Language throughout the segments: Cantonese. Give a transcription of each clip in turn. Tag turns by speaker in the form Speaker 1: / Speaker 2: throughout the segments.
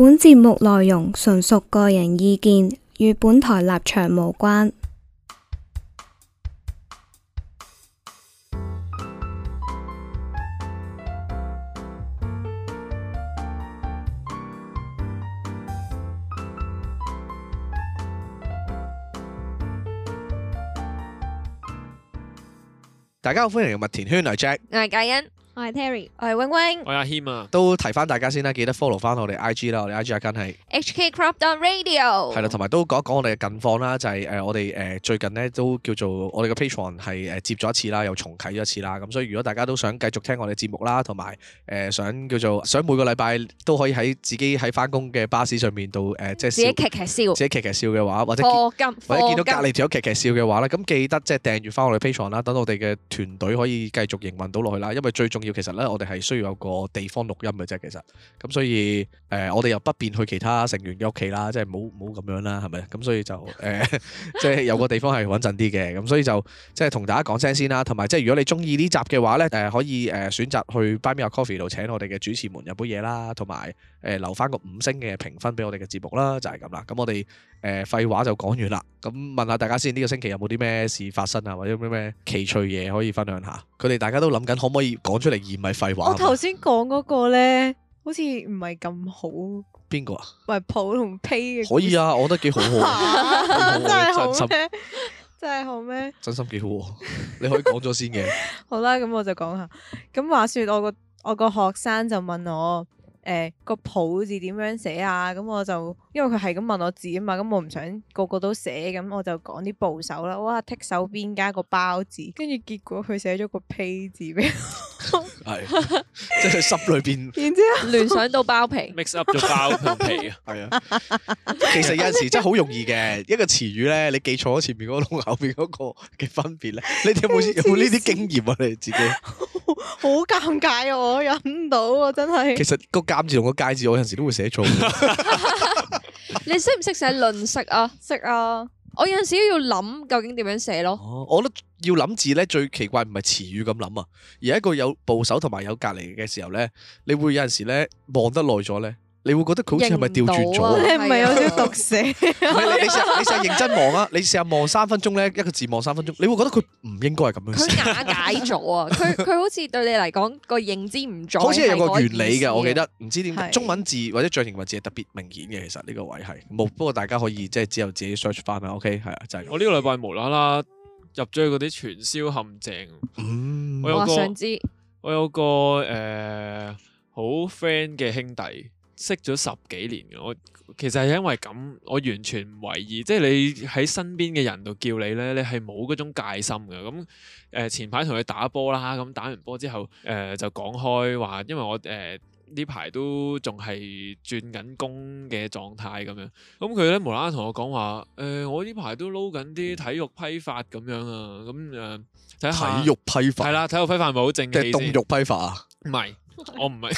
Speaker 1: 本節目內容純屬個人意見，與本台立場無關。
Speaker 2: 大家好，歡迎來到麥田圈，我係 Jack，
Speaker 3: 我係嘉欣。我係 Terri，我係 Wing Wing，
Speaker 2: 我係阿謙啊，都提翻大家先啦，記得 follow 翻我哋 IG 啦 HK. Radio、就是呃，我哋 IG 係跟係
Speaker 3: HK Crop Radio。係、呃、
Speaker 2: 啦，同埋都講一講我哋嘅近況啦，就係誒我哋誒最近咧都叫做我哋嘅 Patreon 係誒接咗一次啦，又重啟咗一次啦。咁、嗯、所以如果大家都想繼續聽我哋嘅節目啦，同埋誒想叫做想每個禮拜都可以喺自己喺翻工嘅巴士上面度誒即係自己劇劇笑， 自己劇劇笑嘅話，或者見
Speaker 3: for gun, for gun. 或者見到隔籬
Speaker 2: 條劇劇笑嘅話咧，咁記得即係訂閱翻我哋 Patreon 啦，等我哋嘅團隊可以繼續營運到落去啦，因為最重要。其實咧，我哋係需要有個地方錄音嘅啫。其實，咁所以，誒、呃，我哋又不便去其他成員嘅屋企啦，即係唔好咁樣啦，係咪？咁所以就，誒、呃， 即係有個地方係穩陣啲嘅。咁所以就，即係同大家講聲先啦。同埋，即係如果你中意呢集嘅話咧，誒、呃，可以誒選擇去 Buy Me Coffee 度請我哋嘅主持們飲杯嘢啦，同埋誒留翻個五星嘅評分俾我哋嘅節目啦，就係、是、咁啦。咁我哋誒、呃、廢話就講完啦。咁問下大家先，呢、這個星期有冇啲咩事發生啊？或者有咩咩奇趣嘢可以分享下？佢哋大家都諗緊可唔可以講出？嚟而唔係廢話。我頭
Speaker 4: 先講嗰個咧，好似唔係咁好。邊個啊？唔係普同批嘅。可以
Speaker 2: 啊，我覺得幾好好。 好 真係好咩？
Speaker 4: 真係好咩？
Speaker 2: 真心幾 好喎！你可以講咗先嘅。
Speaker 4: 好啦，咁我就講下。咁話説，我個我個學生就問我，誒、欸，那個普字點樣寫啊？咁我就。因為佢係咁問我字啊嘛，咁我唔想個個都寫，咁我就講啲部首啦。哇，剔手邊加個包字，跟住結果佢寫咗個披字俾我，
Speaker 2: 係即係佢心裏邊，
Speaker 3: 然之聯想到包皮 ，mix up
Speaker 2: 咗包皮啊，係啊。其實有陣時真係好容易嘅，一個詞語咧，你記錯咗前面嗰個同後邊嗰個嘅分別咧，你哋有冇有冇呢啲經驗啊？你哋自己
Speaker 3: 好尷尬啊！我忍唔到啊，真係。
Speaker 4: 其
Speaker 2: 實個夾字同個介字我有陣時都會寫錯。
Speaker 3: 你識唔識寫論述啊？識啊！我有陣時都要諗究竟點樣寫咯。
Speaker 2: 哦，我覺得要諗字咧，最奇怪唔係詞語咁諗啊，而係一個有部首同埋有隔離嘅時候咧，你會有陣時咧望得耐咗咧。你會覺得佢好似係咪調轉咗？你係咪有少少毒死？ 你成日你成日認真望啊！你成日望三分鐘咧，一個字望三分鐘，你會覺得佢唔應該係咁樣。佢
Speaker 3: 瓦解咗啊！佢佢 好似對你嚟講，個認知唔足。好似有個原理嘅，我記得
Speaker 2: 唔知點。是中文字或者象形文字係特別明顯嘅，其實呢個位係冇。不過大家可以即係只有自己 search 翻啦。OK，係啊，就係我呢
Speaker 5: 個禮拜無啦啦入咗嗰啲傳銷陷阱。嗯，我，有個我想知我有個誒、呃、好 friend 嘅兄弟。識咗十幾年嘅我，其實係因為咁，我完全唔為意。即係你喺身邊嘅人度叫你咧，你係冇嗰種戒心嘅。咁誒前排同佢打波啦，咁打完波之後誒就講開話，因為我誒呢排都仲係轉緊工嘅狀態咁樣。咁佢咧無啦啦同我講話誒，我呢排都撈緊啲體育批發咁樣啊。咁誒體育批發係啦，體育批發係咪好正嘅凍肉批發啊？唔係。我唔係，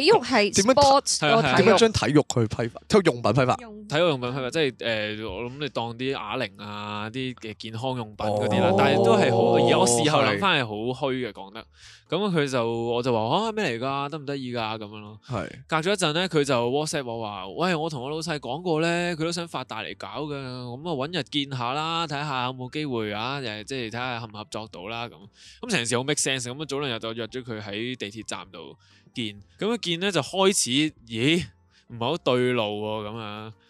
Speaker 3: 體育係點樣？
Speaker 5: 點樣將
Speaker 2: 體育去批發？體育用品批發，用
Speaker 5: 體育用品批發，即係誒、呃，我諗你當啲啞鈴啊，啲嘅健康用品嗰啲啦。哦、但係都係好，而、哦、我事後諗翻係好虛嘅講得。咁佢就我就話啊，咩嚟噶？得唔得意噶？咁樣咯。是 隔咗一陣咧，佢就 WhatsApp 我話：，喂，我同我老細講過咧，佢都想發大嚟搞嘅。咁啊，搵日見下啦，睇下有冇機會啊，又即係睇下合唔合作到啦。咁咁成時好 make sense。咁早兩日就約咗佢喺地鐵。站度見，咁一見咧就開始，咦，唔係好對路喎咁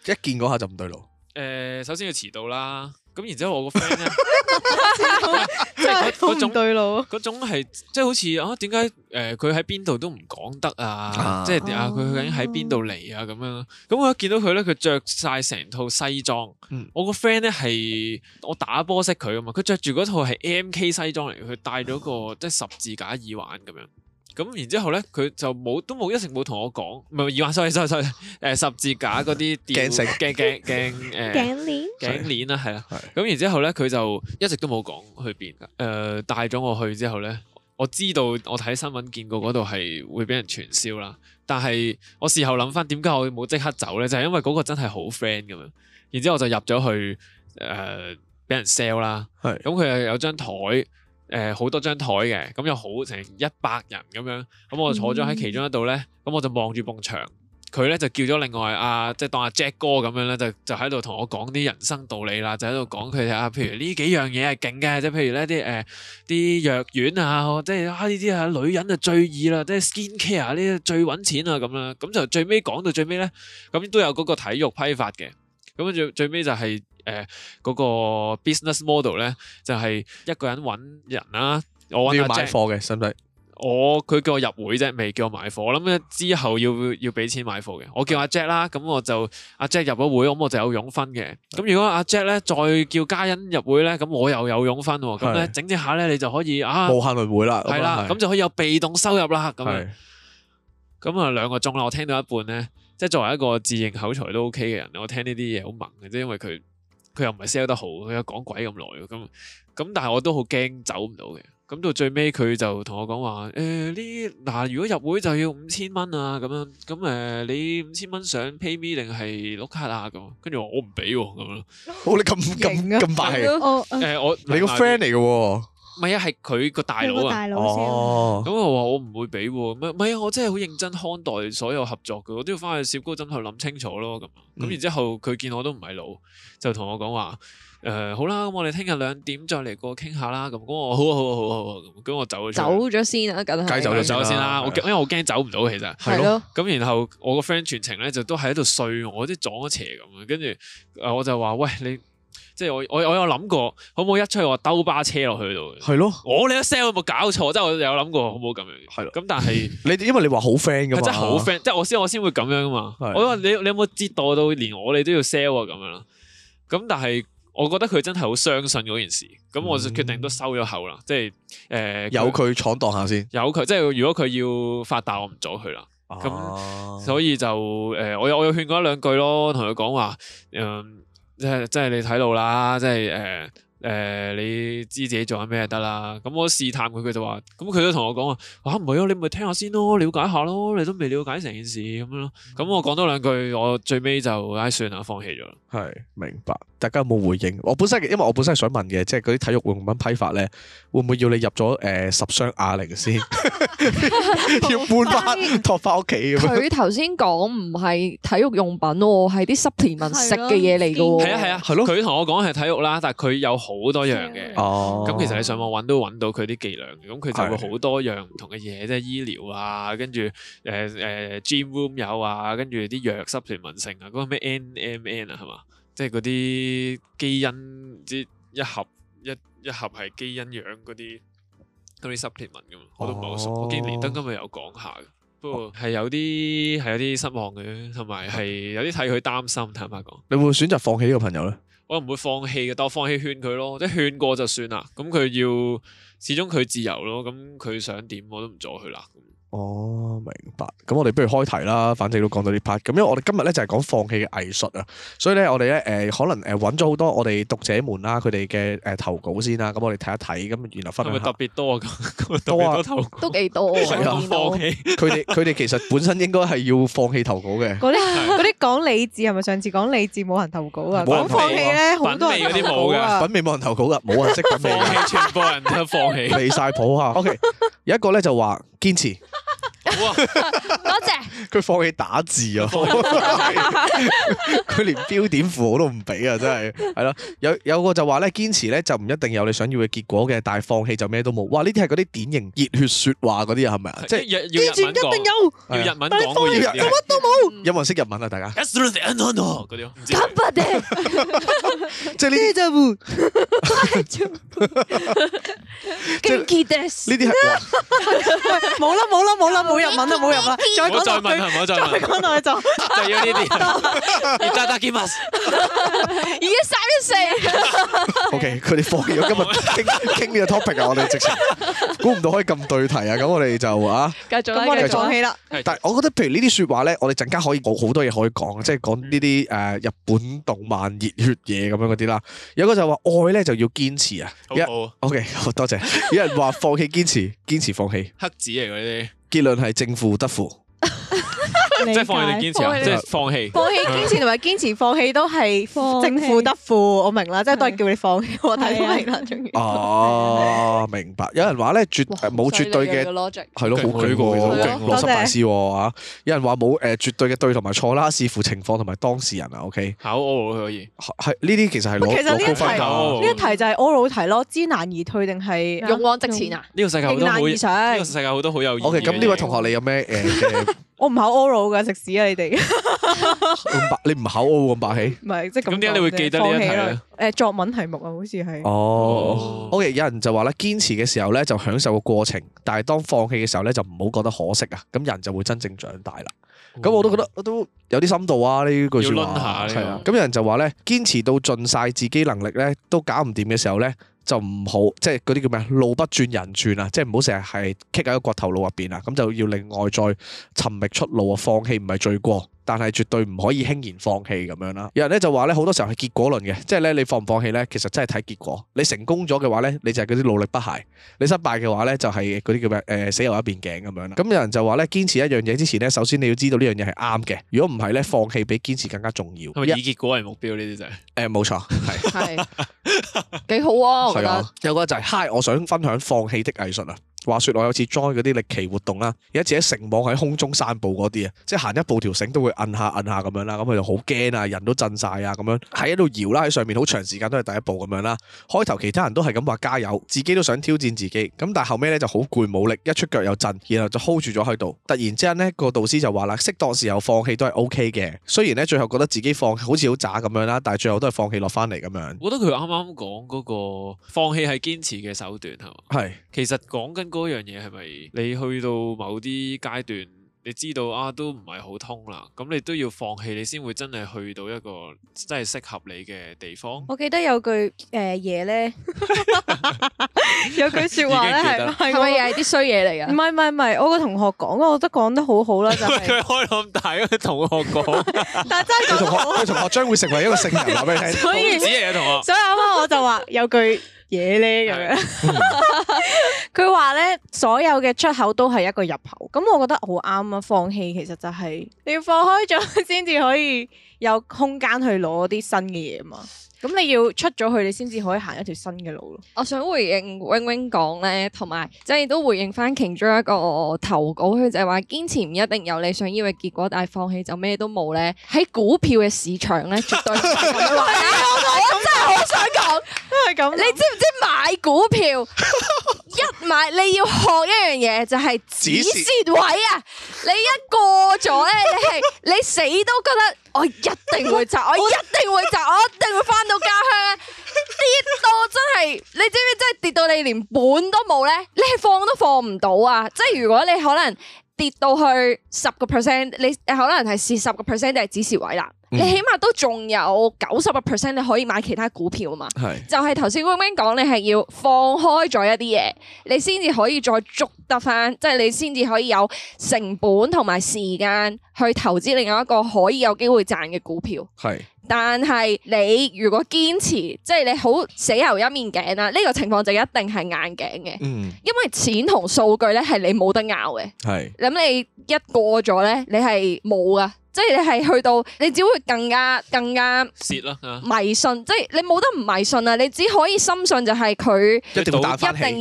Speaker 5: 樣！
Speaker 2: 一見嗰下就唔對路。
Speaker 5: 誒、呃，首先要遲到啦，咁然之後我個 friend 咧，即係嗰種對路，嗰種係即係好似啊，點解誒佢喺邊度都唔講得啊？即係點啊？佢究竟喺邊度嚟啊？咁樣，咁我一見到佢咧，佢着晒成套西裝，嗯、我個 friend 咧係我打波識佢噶嘛，佢着住嗰套係 MK 西裝嚟，佢戴咗個即係十字架耳環咁樣。 咁然之後咧，佢就冇都冇一直冇同我講，唔係耳環，sorry sorry sorry，誒十字架嗰啲電錶鏡鏡鏡誒頸鏈頸鏈啦，係啦、uh。係。咁、 嗯、然之後咧，佢就一直都冇講去邊嘅。誒帶咗我去之後咧，我知道我睇新聞見過嗰度係會俾人傳銷啦。但係我事後諗翻，點解我冇即刻走咧？就係因為嗰個真係好 friend 咁樣。然之後我就入咗去誒，俾、呃、人 sell 啦。係。 咁佢又有張台。誒好、呃、多張台嘅，咁有好成一百人咁樣，咁我就坐咗喺其中一度咧，咁我就望住埲牆，佢咧就叫咗另外啊，即係當阿 Jack 哥咁樣咧，就就喺度同我講啲人生道理啦，就喺度講佢啊，譬如呢幾樣嘢係勁嘅，即係譬如呢啲誒啲藥丸啊，即係啊呢啲啊女人就最易啦，即、啊、係 skin care 呢啲最揾錢啊咁樣，咁就最尾講到最尾咧，咁都有嗰個體育批發嘅。咁跟住最尾就係誒嗰個 business model 咧，就係、是、一個人搵人啦、啊，我，搵啊、Jack，我要買貨嘅，使唔使？我佢叫我入會啫，未叫我買貨。我諗咧之後要要俾錢買貨嘅。我叫阿、啊、Jack 啦，咁我就阿、啊、Jack 入咗會，咁我就有佣分嘅。咁如果阿、啊、Jack 咧再叫嘉欣入會咧，咁我又有佣分喎。咁咧的整一下咧，你就可以啊無限入
Speaker 2: 會啦，係啦的，咁的
Speaker 5: 就可以有被動收入啦。咁，咁啊兩個鐘啦，我聽到一半咧。即係作為一個自認口才都 OK 嘅人，我聽呢啲嘢好萌嘅，即係因為佢佢又唔係 sell 得好，佢又講鬼咁耐，咁咁，但係我都好驚走唔到嘅。咁到最尾佢就同我講話，誒呢嗱，如果入會就要五千蚊啊，咁樣咁誒、呃，你五千蚊上 pay me 定係碌卡、哦、啊？咁跟住我唔俾喎，咁咯、啊，哦你咁咁咁快嘅，我、呃、我你個 friend 嚟嘅喎。唔係啊，係佢個大佬啊！大佬先哦，咁我話我唔會俾喎，唔係啊，我真係好認真看待所有合作嘅，我都要翻去攝高枕頭諗清楚咯咁。咁然之後佢見我都唔係老，就同我講話誒好啦，咁我哋聽日兩點再嚟過傾下啦。咁我好啊好啊好啊好啊。咁我走咗走
Speaker 3: 咗先啊，梗係走咗先啦。我因
Speaker 5: 為我驚走唔到其實係咯。咁然後我個 friend 全程咧就都喺度衰我，即係撞咗邪咁啊。跟住我就話喂，你。即係我我我有諗過，可唔可以一出去話兜巴車落去度？係咯，我你一 sell 有冇搞錯？即係我有諗過，可唔可以咁樣？係咯。咁但係
Speaker 2: 你因為你話好 friend 噶嘛？真啊、即真係好 friend，
Speaker 5: 即係我先我先會咁樣噶嘛。我話你你有冇知道到連我你都要 sell 啊咁樣啦？咁但係我覺得佢真係好相信嗰件事，咁、嗯、我就決定都收咗口啦。即係誒，由佢
Speaker 2: 闖蕩下先。
Speaker 5: 由佢即係如果佢要發達，我唔阻佢啦。咁、啊、所以就誒，我有我有勸過一兩句咯，同佢講話誒。嗯即係即係你睇到啦，即係誒。呃誒你知自己做緊咩就得啦？咁我試探佢，佢就話：咁佢都同我講話嚇，唔係，你咪聽下先咯，了解下咯，你都未了解成件事咁咯。咁我講多兩句，我最尾就唉算啦，放棄咗啦。
Speaker 2: 係，明白。大家有冇回應？我本身因為我本身係想問嘅，即係嗰啲體育用品批發咧，會唔會要你入咗誒十箱啞鈴先？
Speaker 3: 要搬
Speaker 2: 翻拖翻屋企。佢
Speaker 3: 頭先講唔係體育用品喎，係啲 supplement 食嘅嘢嚟㗎喎。係啊係
Speaker 5: 啊係咯。佢同我講係體育啦，但係佢有。好多樣嘅，咁、哦、其實你上網搵都搵到佢啲伎倆，咁佢就會好多樣唔同嘅嘢，即係的醫療啊，跟住誒誒 gym room 有啊，跟住啲藥 supplement 性啊，嗰個咩 n m n 啊係嘛，即係嗰啲基因即一盒一一盒係基因樣嗰啲嗰啲 supplement，我都唔係好熟，哦、我見連登今日有講下，哦、不過係有啲係有啲失望嘅，同埋係有啲睇佢擔心，坦白講，
Speaker 2: 你會唔會選擇放棄呢個朋友咧？
Speaker 5: 我又唔會放棄嘅，但我放棄勸佢咯，即係勸過就算啦。咁佢要始終佢自由咯，咁佢想點我都唔阻佢啦。
Speaker 2: 哦，明白。咁我哋不如開題啦，反正都講到呢 part。咁因為我哋今日咧就係講放棄嘅藝術啊，所以咧我哋咧誒可能誒揾咗好多我哋讀者們啦，佢哋嘅誒投稿先啦。咁我哋睇一睇，咁原來分係咪特
Speaker 5: 別多, 多,多啊？
Speaker 2: 都
Speaker 3: 多啊， 啦都幾多
Speaker 4: 啊。放 棄，
Speaker 2: 佢哋佢哋其實本身應該係要放棄投稿嘅。嗰啲嗰
Speaker 4: 啲講理智係咪？是是上次講理智冇人投稿啊。講
Speaker 2: 放棄咧，好多投稿啊。品味嗰啲冇嘅，品味冇人投稿噶，冇人識品味。放棄，全部人都放棄。離晒譜啊！OK，有一個咧就話堅持。多謝。佢放棄打字啊！佢連標點符號都唔俾啊！真係係咯，有有個就話咧，堅持咧就唔一定有你想要嘅結果嘅，但係放棄就咩都冇。哇！呢啲係嗰啲典型熱血說話嗰啲啊，係咪啊？即係堅持一定有，要日文講嘅，乜都冇。有冇人識日文
Speaker 6: 啊？大家。嗰啲。即係呢啲就呢啲係
Speaker 4: 冇啦冇啦冇啦冇。文再，再，再問都冇入啊！再再
Speaker 7: 問啊！唔好
Speaker 5: 再問。再要呢啲。而家
Speaker 3: 三一四。
Speaker 2: O K，佢哋放棄咗今日傾傾呢個 topic 啊！我哋直情估唔到可以咁對題啊！咁我哋就啊，
Speaker 6: 繼續。咁我哋放棄啦。
Speaker 2: 但係我覺得，譬如呢啲說話咧，我哋陣間可以好好多嘢可以講，即係講呢啲誒日本動漫熱血嘢咁樣嗰啲啦。有個就話愛咧就要堅持啊。好，好。O K，好多謝。有人話放棄堅持，堅持放棄。黑子嚟嗰啲。結論係正負得負。 即係放棄定堅持，即係放棄，放棄堅持
Speaker 4: 同埋堅持放棄都係正負得負，我明啦。即係都係叫你放棄，我睇公平啦。終於
Speaker 2: 哦，明白。有人話咧，絕冇絕對嘅邏輯，係咯，好巨嘅，好正，老生百事吓。有人話冇誒，絕對嘅對同埋錯啦，視乎情況同埋當事人啊。O K，考我可以係呢啲，其實係其實呢一題呢一題就
Speaker 4: 係 oral 題咯，知難而退定係勇往直前啊？呢個世界好多，呢
Speaker 2: 個世界好多好有意。O K，咁呢位同學你有咩誒？
Speaker 4: 我唔考 oral 噶，食屎啊！你哋
Speaker 2: 你唔考我咁霸氣，唔係
Speaker 4: 即係咁。點、就、解、是、你會記得呢一題咧？誒、呃，作文題目啊，好似係哦。
Speaker 2: Oh. OK，有人就話咧，堅持嘅時候咧就享受個過程，但係當放棄嘅時候咧就唔好覺得可惜啊。咁人就會真正長大啦。咁、oh. 我都覺得我都有啲深度啊！呢句說話係、這個、啊。咁有人就話咧，堅持到盡晒自己能力咧都搞唔掂嘅時候咧。就唔好即係嗰啲叫咩啊路不轉人轉啊，即係唔好成日係棘喺個頭腦入邊啊，咁就要另外再尋覓出路啊，放棄唔係罪過。但係絕對唔可以輕言放棄咁樣啦。有人咧就話咧，好多時候係結果論嘅，即係咧你放唔放棄咧，其實真係睇結果。你成功咗嘅話咧，你就係嗰啲努力不懈；你失敗嘅話咧，就係嗰啲叫咩？誒死牛一邊頸咁樣啦。咁有人就話咧，堅持一樣嘢之前咧，首先你要知道呢樣嘢係啱嘅。如果唔係咧，放棄比堅持更加重要。係咪以
Speaker 5: 結果為目標呢啲就係、
Speaker 2: 是？誒冇、嗯、錯，係係
Speaker 3: 幾好啊好！
Speaker 2: 有個就係、是、Hi 我想分享放棄的藝術啊！話説我有次 join 嗰啲歷奇活動啦，有一次喺成網喺空中散步嗰啲啊，即係行一步條繩都會摁下摁下咁樣啦，咁佢就好驚啊，人都震晒啊咁樣，喺一度搖啦喺上面好長時間都係第一步咁樣啦。開頭其他人都係咁話加油，自己都想挑戰自己，咁但係後尾咧就好攰冇力，一出腳又震，然後就 hold 住咗喺度。突然之間呢個導師就話啦，適當時候放棄都係 OK 嘅。雖然呢最後覺得自己放棄好似好渣咁樣啦，但係最後都係放棄落翻嚟咁樣。我
Speaker 5: 覺得佢啱啱講嗰個放棄係堅持嘅手段係咪？係，是其實講緊。嗰樣嘢係咪你去到某啲階段，你知道啊都唔係好通啦，咁你都要放棄，你先會真係去到一個真係適合你嘅地方。
Speaker 3: 我記得有句誒嘢咧，
Speaker 5: 有句說話咧
Speaker 3: 係咪係咪又係啲衰嘢嚟
Speaker 4: 㗎？唔係唔係唔係，我個同學講，我覺得講得好好啦。佢
Speaker 2: 開咁大，啲同學講，但真係佢同學佢同學將會成為一個聖人，話俾你聽。所以嘅同學，所以咁我
Speaker 4: 就話有句。嘢咧咁樣，佢話咧所有嘅出口都係一個入口，咁我覺得好啱啊！放棄其實就係、是、你要放開咗先
Speaker 3: 至可以有空間去攞啲新嘅嘢嘛，咁
Speaker 4: 你要出咗去你先至可以行一條新嘅路咯。
Speaker 3: 我想回應 Wing Wing 講咧，同埋即係都回應翻其中一個投稿，佢就係、是、話堅持唔一定有你想要嘅結果，但係放棄就咩都冇咧。喺股票嘅市場咧，絕對。
Speaker 6: 真係好想
Speaker 3: 講， 你知唔知買股票 一買你要學一樣嘢就係止蝕位啊！你一過咗咧，你係你死都覺得我一定會賺，我一定會賺，我一定會翻到家鄉啊！跌到真係，你知唔知真係跌到你連本都冇咧？你係放都放唔到啊！即係如果你可能。跌到去十個 percent，你可能係蝕十個 percent 就係指示位啦。嗯、你起碼都仲有九十個 percent 你可以買其他股票啊嘛。係，是 就係頭先 Wing 講，你係要放開咗一啲嘢，你先至可以再捉得翻，即、就、係、是、你先至可以有成本同埋時間去投資另外一個可以有機會賺嘅股票。係。但係你如果堅持，即係你好死牛一面頸啦，呢、這個情況就一定係硬頸嘅，嗯、因為錢同數據咧係你冇得拗嘅，咁是你一過咗咧，你係冇噶。即係你係去到，你只會更加更加蝕咯，迷信。啊、即係你冇得唔迷信啊！你只可以深信就係佢一定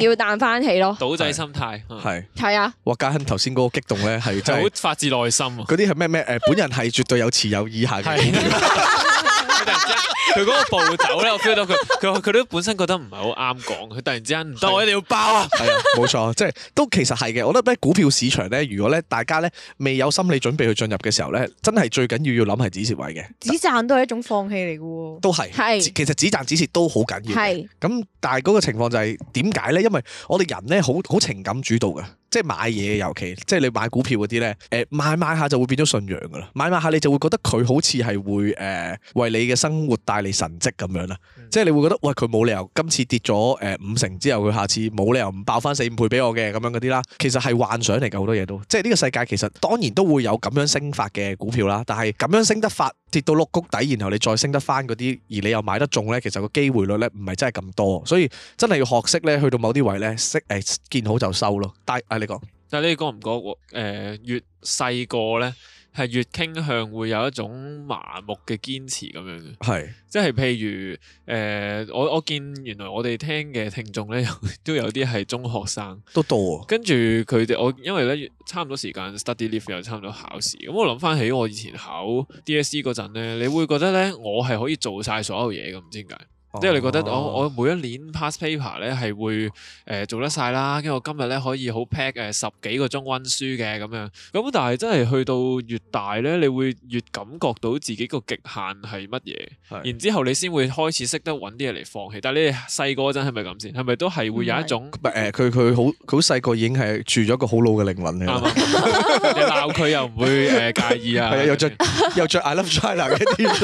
Speaker 3: 要彈翻起咯，
Speaker 2: 賭仔心態係係啊！哇！家欣頭先嗰個激動咧係真係 好發自內心喎、啊，嗰啲係咩咩誒？本人係絕對有持有以下嘅。 突然間，佢嗰個步驟咧，我 feel 到佢，佢佢
Speaker 5: 都本身覺得唔係好啱講，佢突然之間唔得，我一定要包
Speaker 2: 啊！係啊的，冇錯， 即係都其實係嘅。我覺得咧，股票市場咧，如果咧大家咧未有心理準備去進入嘅時候咧，真係最緊要要諗係止蝕位嘅。止
Speaker 4: 賺都係一種放棄嚟嘅，都係
Speaker 2: 是係，是其實止賺止蝕都好緊要嘅。咁是但係嗰個情況就係點解咧？因為我哋人咧好好情感主導嘅。即係買嘢，尤其即係你買股票嗰啲咧，誒、呃、買買下就會變咗信仰噶啦，買買下你就會覺得佢好似係會誒、呃、為你嘅生活帶嚟神蹟咁樣啦。即係你會覺得，喂，佢冇理由今次跌咗誒、呃、五成之後，佢下次冇理由唔爆翻四五倍俾我嘅咁樣嗰啲啦。其實係幻想嚟嘅。好多嘢都，即係呢個世界其實當然都會有咁樣升法嘅股票啦。但係咁樣升得法，跌到碌谷底，然後你再升得翻嗰啲，而你又買得中呢，其實個機會率呢唔係真係咁多。所以真係要學識呢，去到某啲位呢，識誒見好就收咯。但係、啊、你講，
Speaker 5: 但係你講唔講誒越細個呢？係越傾向會有一種麻木嘅堅持咁樣嘅，係是即係譬如誒、呃，我我見原來我哋聽嘅聽眾呢 都有啲係中學生，
Speaker 2: 都多、哦，跟住
Speaker 5: 佢哋我因為呢差唔多時間 study leave 又差唔多考試，咁、嗯、我諗返起我以前考 DSE 嗰陣呢，你會覺得呢，我係可以做曬所有嘢嘅，唔知點解。
Speaker 6: 即係你覺得我我
Speaker 5: 每一年 pass paper 咧，係會誒做得晒啦，跟住我今日咧可以好 pack 誒十幾個鐘溫書嘅咁樣，咁但係真係去到越大咧，你會越感覺到自己個極限係乜嘢，然之後你先會開始識得揾啲嘢嚟放棄。但係你細個嗰陣係咪咁先？係咪都係會有一種
Speaker 2: 是？唔，佢佢好好細個已經係住咗個好老嘅靈魂，你鬧佢又唔會介意啊？ 又着又著 I love China 嘅 t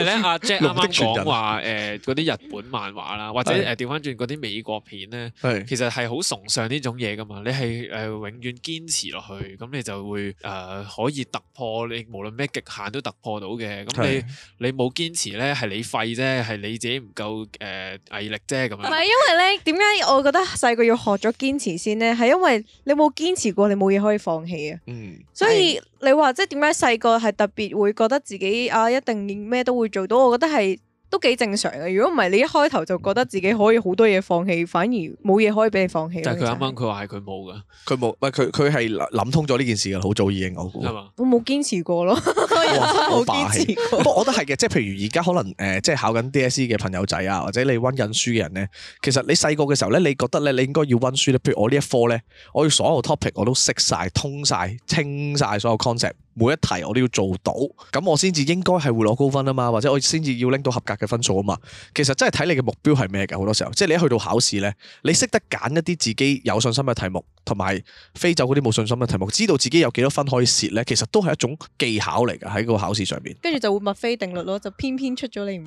Speaker 6: 因為阿 Jack 啱啱講話
Speaker 2: 誒，
Speaker 5: 嗰啲日本漫畫啦，的或者誒調翻轉嗰啲美國片咧，的其實係好崇尚呢種嘢噶嘛。你係誒永遠堅持落去，咁你就會誒、呃、可以突破，你無論咩極限都突破到嘅。咁你的你冇堅持咧，係你廢啫，係你自己唔夠誒毅力啫。咁樣唔係，
Speaker 4: 因為咧，點解我覺得細個要學咗堅持先咧？係因為你冇堅持過，你冇嘢可以放棄啊。
Speaker 5: 嗯，
Speaker 4: 所以。你話，即係點解細個係特別會覺得自己啊，一定咩都會做到？我覺得係。都幾正常嘅，如果唔係你一開頭就覺得自己可以好多嘢放棄，反而冇嘢可以俾你放棄。但係佢啱
Speaker 2: 啱佢話係佢冇㗎，佢冇，唔係佢佢係諗通咗呢件事嘅，好早已經我估。
Speaker 4: 我冇嗎堅持過
Speaker 6: 咯， 好霸氣。
Speaker 2: 不過我覺得係嘅，即係譬如而家可能誒，即、呃、係考緊 DSE 嘅朋友仔啊，或者你温緊書嘅人咧，其實你細個嘅時候咧，你覺得咧，你應該要温書咧，譬如我呢一科咧，我要所有 topic 我都識晒、通晒、清晒所有 concept。每一題我都要做到，咁我先至應該係會攞高分啊嘛，或者我先至要拎到合格嘅分數啊嘛。其實真係睇你嘅目標係咩嘅，好多時候，即係你一去到考試呢，你識得揀一啲自己有信心嘅題目，同埋飛走嗰啲冇信心嘅題目，知道自己有幾多分可以蝕咧，其實都係一種技巧嚟㗎喺個考試上邊。
Speaker 4: 跟住就會墨菲定律咯，就偏偏出咗你嚟。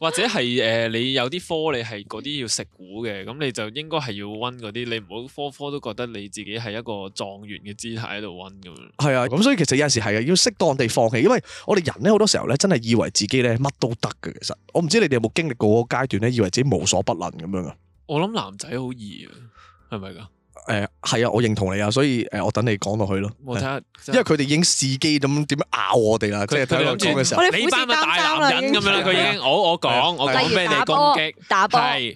Speaker 5: 或者係誒、呃，你有啲科你係嗰啲要食股嘅，咁你就應該係要溫嗰啲，你唔好科科都覺得你自己係一個狀元嘅姿態喺度溫咁樣。
Speaker 6: 係
Speaker 2: 啊，咁、嗯、所以其實有陣時係啊，要適當地放棄，因為我哋人咧好多時候咧真係以為自己咧乜都得嘅。其實我唔知你哋有冇經歷過嗰個階段咧，以為自己無所不能咁樣啊。
Speaker 5: 我諗男仔好易啊，
Speaker 2: 係咪噶？誒，係啊，我認同你啊，所以誒，我等你講落去咯。我睇，因為佢哋已經試機咁點樣咬我哋啦。佢哋喺度嘅時候，你班個
Speaker 5: 大男人咁樣啦，佢已經我我講，我咩俾你攻擊打波係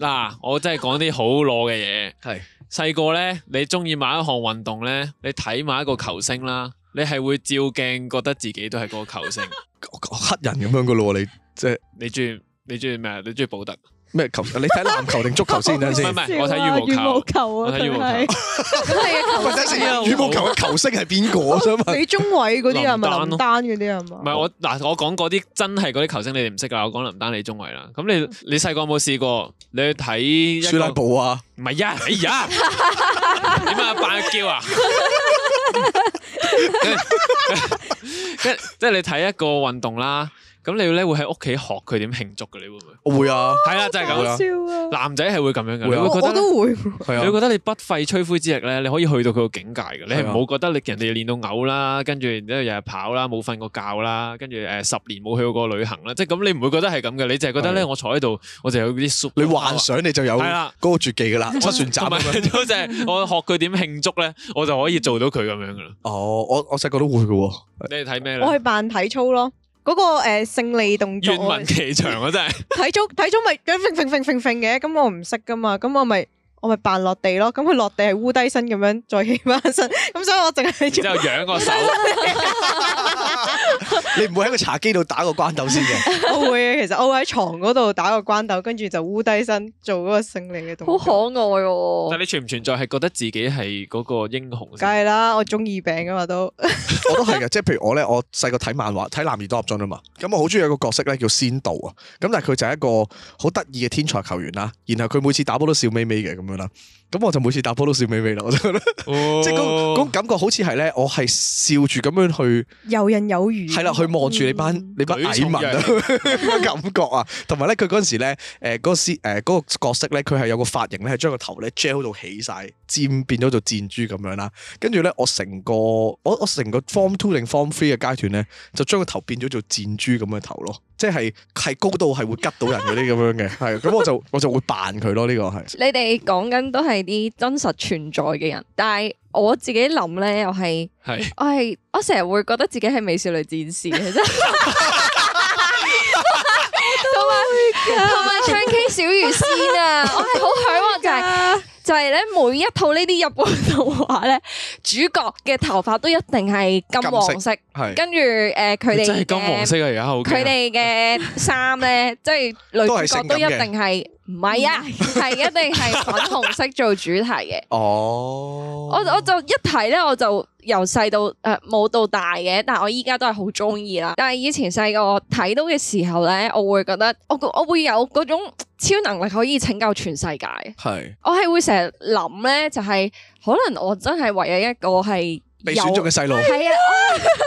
Speaker 5: 嗱，我真係講啲好攞嘅嘢，係細個咧，你中意某一項運動咧，你睇埋一個球星啦，你係會照鏡覺得自己都係嗰個球星，
Speaker 2: 黑人咁樣噶咯，你即係
Speaker 5: 你中意你中意咩？你中意保特？
Speaker 2: 咩球？你睇籃球定足球先陣先？唔係唔係，我睇羽毛球。羽毛
Speaker 5: 球啊，
Speaker 4: 我睇羽毛球。
Speaker 2: 唔使先啊！羽毛球嘅球星係邊個？想問李
Speaker 4: 宗偉嗰啲啊，係咪林丹嗰啲啊嘛？
Speaker 5: 唔係我嗱，我講嗰啲真係嗰啲球星，你哋唔識噶。我講林丹、李宗偉啦。咁你你細個有冇試過你去睇？跳啊？唔係呀，哎呀，
Speaker 6: 點解啊？
Speaker 5: 扮阿嬌啊？即即係你睇一個運動啦。咁你咧會喺屋企學佢點慶祝嘅？你會唔會？我會啊，係啦，就係咁啦。男仔係會咁樣噶，你會覺得我都會，你會覺得你不費吹灰之力咧，你可以去到佢個境界噶。你唔好覺得你人哋練到嘔啦，跟住然後日日跑啦，冇瞓過覺啦，跟住誒十年冇去過個旅行啦。即係咁，你唔會覺得係咁嘅，你淨係覺得咧，我坐喺度，
Speaker 2: 我就有啲縮。你幻想你就有係啦，嗰個絕技噶
Speaker 5: 啦，不旋斬。唔係，我就係我學佢點慶祝咧，我就可以做到佢咁樣噶啦。哦，
Speaker 2: 我我細個都會噶喎。
Speaker 5: 你係睇咩咧？
Speaker 4: 我去扮體操咯。嗰、那個誒、呃、勝利動作，願聞其詳啊！真係睇咗，睇咗咪咁揈揈揈揈揈嘅，咁我唔識噶嘛，咁我咪～我咪扮落地咯，咁佢落地係烏低身咁樣再起翻身，咁 所以我
Speaker 2: 淨係之後養個手。你唔會喺個茶几度打個關斗先嘅？
Speaker 4: 我會，其實我喺床嗰度打個關斗，跟住就烏低身做嗰個勝利嘅動作。
Speaker 5: 好可愛喎，啊！但係你存唔存在係覺得自己係嗰個英雄？
Speaker 4: 梗係啦，我中二病噶嘛都。
Speaker 2: 我都係嘅，即係譬如我咧，我細個睇漫畫，睇《男兒當入樽》啊嘛，咁我好中意有個角色咧，叫仙道啊，咁但係佢就係一個好得意嘅天才球員啦，然後佢每次打波都笑眯眯嘅咁樣。啦，咁我就每次打波都笑眯眯啦，我就覺得，即係嗰感覺好似係咧，我係笑住咁樣去
Speaker 4: 游刃有餘，係啦，去望住你班，嗯、你班蟻
Speaker 2: 民啊， 感覺啊，同埋咧，佢嗰陣時咧，誒、嗰個，嗰個師，誒，嗰個角色咧，佢係有個髮型咧，係將個頭咧 gel 到起晒。漸變咗做箭豬咁樣啦，跟住咧，我成個我我成個 form two 定 form three 嘅階段咧，就將個頭變咗做箭豬咁嘅頭咯，即係係高度係會吉到人嗰啲咁樣嘅，係咁我就我就會扮佢咯，呢個係。
Speaker 3: 你哋講緊都係啲真實存在嘅人，但係我自己諗咧又係，
Speaker 6: 係
Speaker 2: 我
Speaker 3: 係是我成日會覺得自己係美少女戰士嘅，真係。同埋同埋唱 K 小魚仙啊，好向往就係、是。 就係咧，每一套呢啲日本動畫咧，主角嘅頭髮都一定係金黃色，色跟住誒佢哋，呃、真係金黃色嚟啊！佢哋嘅衫咧，即係女主角都一定係唔係啊，係、嗯啊、一定係粉紅色做主題嘅。哦
Speaker 6: 我我
Speaker 3: 就一睇咧，我就。由細到誒，冇、呃、到大嘅，但係我依家都係好中意啦。但係以前細個我睇到嘅時候咧，我會覺得我我會有嗰種超能力可以拯救全世界。
Speaker 6: 係是，
Speaker 3: 我係會成日諗咧，就係、是、可能我真係唯一一個係。被選中嘅細路，係 啊，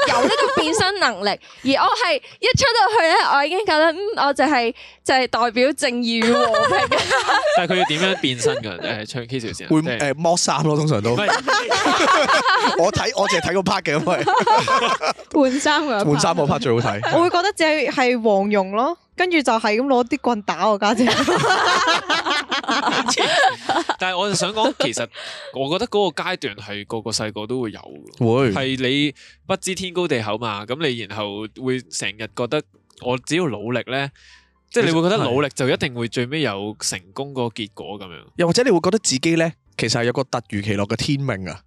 Speaker 3: 有呢個變身能力。而我係一出到去咧，我已經覺得嗯，我就係、是、就係、是、代表正義和
Speaker 6: 平。
Speaker 5: 但係佢要點樣變身噶？誒
Speaker 2: 唱 K 少少，會誒，剝衫咯，通常都。 我睇我淨係睇個 part 嘅，因為
Speaker 4: 換衫個換
Speaker 2: 衫個 part 最好睇。 我
Speaker 4: 會覺得自己係黃蓉咯。跟住就係咁攞啲棍打我家姐，
Speaker 5: 姐， 但係我就想講，其實我覺得嗰個階段係個個細個都會有，會係你不知天高地厚嘛，咁你然後會成日覺得我只要努力咧，
Speaker 2: 實即係你會覺得努力
Speaker 5: 就一定會最尾有成功個結果咁樣，
Speaker 2: 的又或者你會覺得自己咧，其實係有個突如其來嘅天命啊。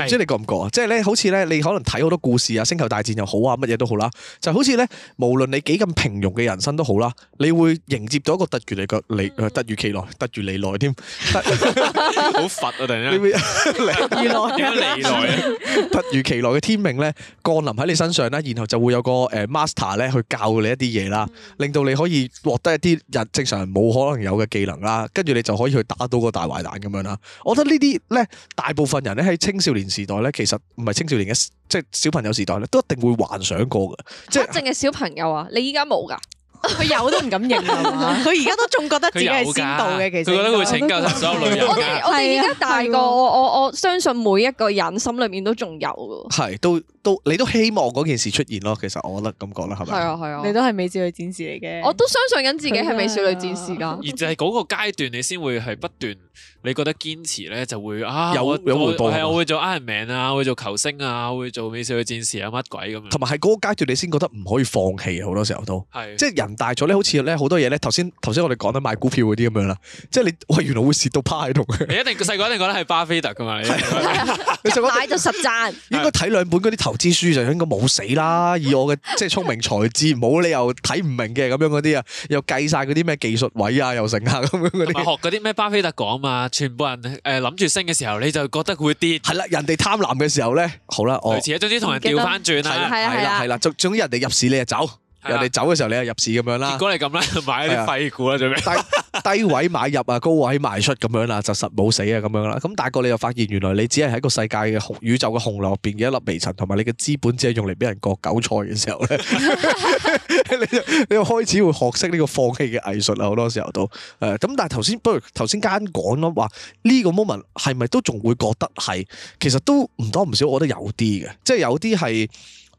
Speaker 2: 唔知你覺唔覺啊？即係咧，好似咧，你可能睇好多故事啊，星球大戰又好啊，乜嘢都好啦，啊。就好似咧，無論你幾咁平庸嘅人生都好啦，你會迎接到一個突如其來、突如其來、突如其來添。
Speaker 5: 好佛啊！突然間，
Speaker 2: 原來原來啊！突如其來嘅天命咧，降臨喺你身上啦，然後就會有個誒 master 咧去教你一啲嘢啦，令到你可以獲得一啲正常人冇可能有嘅技能啦，跟住你就可以去打到個大壞蛋咁樣啦。我覺得呢啲咧，大部分人咧喺青少年時代咧，其實唔係青少年嘅，即係小朋友時代咧，都一定會幻想過嘅。
Speaker 3: 即係淨係小朋友啊，你依家冇噶？佢有都唔敢認啊！佢而家都仲覺得
Speaker 4: 自己係先到
Speaker 2: 嘅，其實佢覺得會拯救所有女人。我
Speaker 4: 哋我哋而家
Speaker 3: 大個，我我我相信每一個人心裏面都仲有嘅。
Speaker 2: 係，都都你都希望嗰件事出現咯。其實我覺得咁覺得，係咪？
Speaker 3: 係啊係啊，你都係美少女戰士嚟嘅。我都相信緊自己係美少女戰士啊！
Speaker 2: 而就
Speaker 5: 係嗰個階段，你先會係不斷。你覺得堅持咧就會啊，有有回報，係啊會做 Iron Man 啊，會做球星啊，會做美少女戰士啊，乜鬼咁樣？
Speaker 2: 同埋係嗰個階段你先覺得唔可以放棄，好多時候都即係人大咗咧，好似好多嘢。咧頭先頭先我哋講得賣股票嗰啲咁樣啦，即係你喂，原來會蝕到趴喺度。你
Speaker 5: 一定細個一定講得係巴菲特噶嘛？你
Speaker 2: 就買咗實賺，應該睇兩本嗰啲投資書就應該冇死啦。以我嘅即係聰明才智，冇理由睇唔明嘅咁樣嗰啲啊，又計晒嗰啲咩技術位啊，又成啊咁樣嗰啲。
Speaker 5: 學嗰啲咩巴菲特講？全部
Speaker 2: 人誒諗住升嘅時候，你就覺得會跌。係啦，人哋貪婪嘅時候呢，好啦，我類似啊，總之同人掉返轉啦，係啦得，係啦，係、啊啊啊啊、總之人哋入市，你就走。人哋走嘅時候，你又入市咁樣啦。如果你咁啦，買一啲廢股啦，最屘的 低位買入啊，高位賣出咁樣啦，就實冇死啊咁樣啦。咁大個你又發現，原來你只係喺一個世界嘅宏宇宙嘅洪流入邊嘅一粒微塵，同埋你嘅資本只係用嚟俾人割韭菜嘅時候咧， 你你又開始會學識呢個放棄嘅藝術啦。好多時候都誒，咁但係頭先不如頭先間講咯，話呢個 moment 係咪都仲會覺得係？其實都唔多唔少，我覺得有啲嘅，即係有啲係。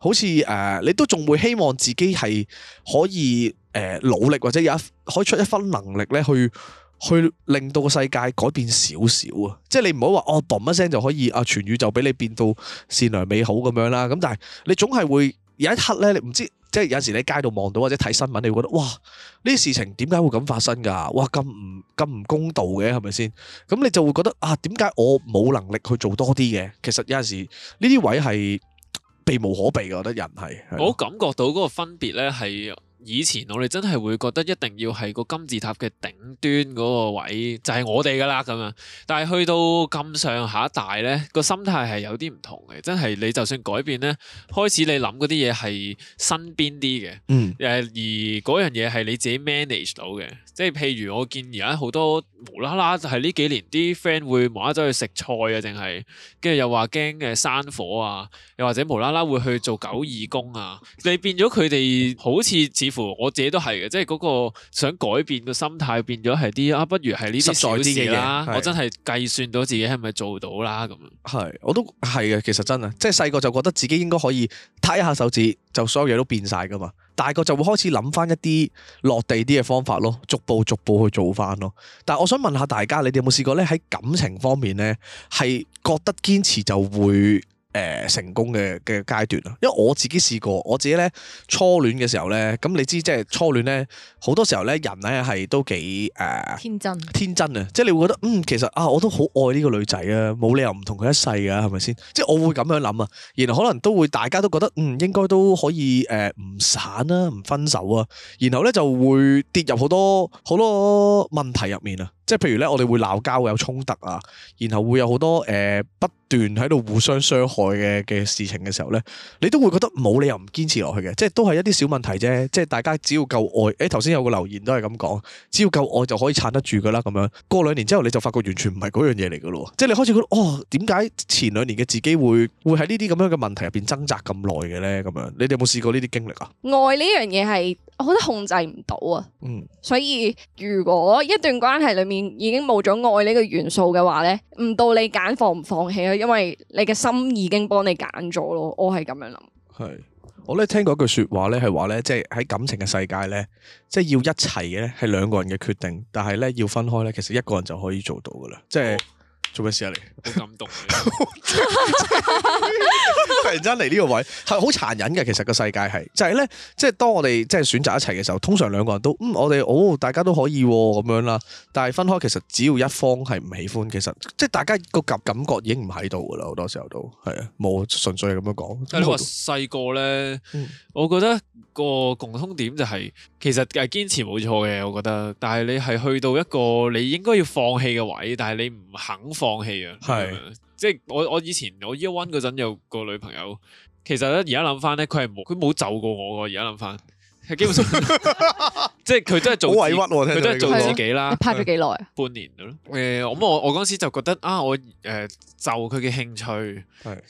Speaker 2: 好似誒、呃，你都仲會希望自己係可以誒、呃、努力或者有一，可以出一分能力咧，去去令到個世界改變少少啊！即係你唔好話哦，嘣一聲就可以啊，全宇宙俾你變到善良美好咁樣啦。咁但係你總係會有一刻咧，你唔知即係有陣時你喺街度望到或者睇新聞，你會覺得哇，呢啲事情點解會咁發生噶？哇，咁唔咁唔公道嘅係咪先？咁你就會覺得啊，點解我冇能力去做多啲嘅？其實有陣時呢啲位係。避無可避，我覺得人係，我
Speaker 5: 感覺到嗰個分別咧，係以前我哋真係會覺得一定要係個金字塔嘅頂端嗰個位，就係、是、我哋噶啦咁樣。但係去到咁上下一代咧，個心態係有啲唔同嘅。真係你就算改變咧，開始你諗嗰啲嘢係身邊啲嘅，嗯，誒而嗰樣嘢係你自己 manage 到嘅。即係譬如我見而家好多無啦啦，就係呢幾年啲 friend 會無啦走去食菜啊，定係跟住又話驚嘅山火啊，又或者無啦啦會去做狗義工啊，你變咗佢哋好似似乎我自己都係嘅，即係嗰個想改變個心態變咗係啲啊，不如係呢啲小事啦，我真係
Speaker 2: 計算到自己係咪做到啦咁樣。係，我都係嘅，其實真係，即係細個就覺得自己應該可以睇一下手指就所有嘢都變晒噶嘛。大個就會開始諗翻一啲落地啲嘅方法咯，逐步逐步去做翻咯。但係我想問下大家，你哋有冇試過咧？喺感情方面咧，係覺得堅持就會誒、呃，成功嘅嘅階段啦，因為我自己試過，我自己咧初戀嘅時候咧，咁你知即係初戀咧，好多時候咧人咧係都幾誒、呃、天真，天真啊，即係你會覺得嗯，其實啊，我都好愛呢個女仔啊，冇理由唔同佢一世噶，係咪先？即係我會咁樣諗啊，然後可能都會大家都覺得嗯，應該都可以誒唔散啦，唔、呃、分手啊，然後咧就會跌入好多好多問題入面啊。即係譬如咧，我哋會鬧交，有衝突啊，然後會有好多誒、呃、不斷喺度互相傷害嘅嘅事情嘅時候咧，你都會覺得冇理由唔堅持落去嘅，即係都係一啲小問題啫。即係大家只要夠愛，誒頭先有個留言都係咁講，只要夠愛就可以撐得住噶啦。咁樣過兩年之後，你就發覺完全唔係嗰樣嘢嚟噶咯。即係你開始覺得哦，點解前兩年嘅自己會會喺呢啲咁樣嘅問題入邊掙扎咁耐嘅咧？咁樣你哋有冇試過呢啲經歷啊？
Speaker 3: 愛呢樣嘢係。我覺得控制唔到啊，
Speaker 6: 嗯、
Speaker 3: 所以如果一段關係裏面已經冇咗愛呢個元素嘅話呢，唔到你揀放唔放棄啊，因為你嘅心已經幫你揀咗咯，我係咁樣諗。
Speaker 2: 係，我咧聽過一句說話呢係話呢，即係喺感情嘅世界呢，即係要一齊呢係兩個人嘅決定，但係呢要分開呢，其實一個人就可以做到噶啦，即係。做咩事啊？你好感
Speaker 6: 動、 就
Speaker 2: 是、 突然間嚟呢個位，係好殘忍嘅。其實個世界係，就係、是、咧，即、就、係、是、當我哋即係選擇一齊嘅時候，通常兩個人都，嗯，我哋哦，大家都可以咁、啊、樣啦。但係分開，其實只要一方係唔喜歡，其實即係、就是、大家個感覺已經唔喺度噶啦。好多時候都係啊，冇純粹係咁樣講。但係
Speaker 5: 你話細個咧，嗯、我覺得個共通點就係、是，其實係堅持冇錯嘅，我覺得。但係你係去到一個你應該要放棄嘅位，但係你唔肯。放棄啊！係是，即係我我以前我 year one 嗰陣有個女朋友，其實咧而家諗翻咧，佢係冇佢冇就過我噶。而家諗翻，係基本上 即係佢真係做好委屈，佢真係做自己啦。拍咗幾耐啊？半年咯。誒、呃，咁我我嗰時就覺得啊，我誒、呃、就佢嘅興趣，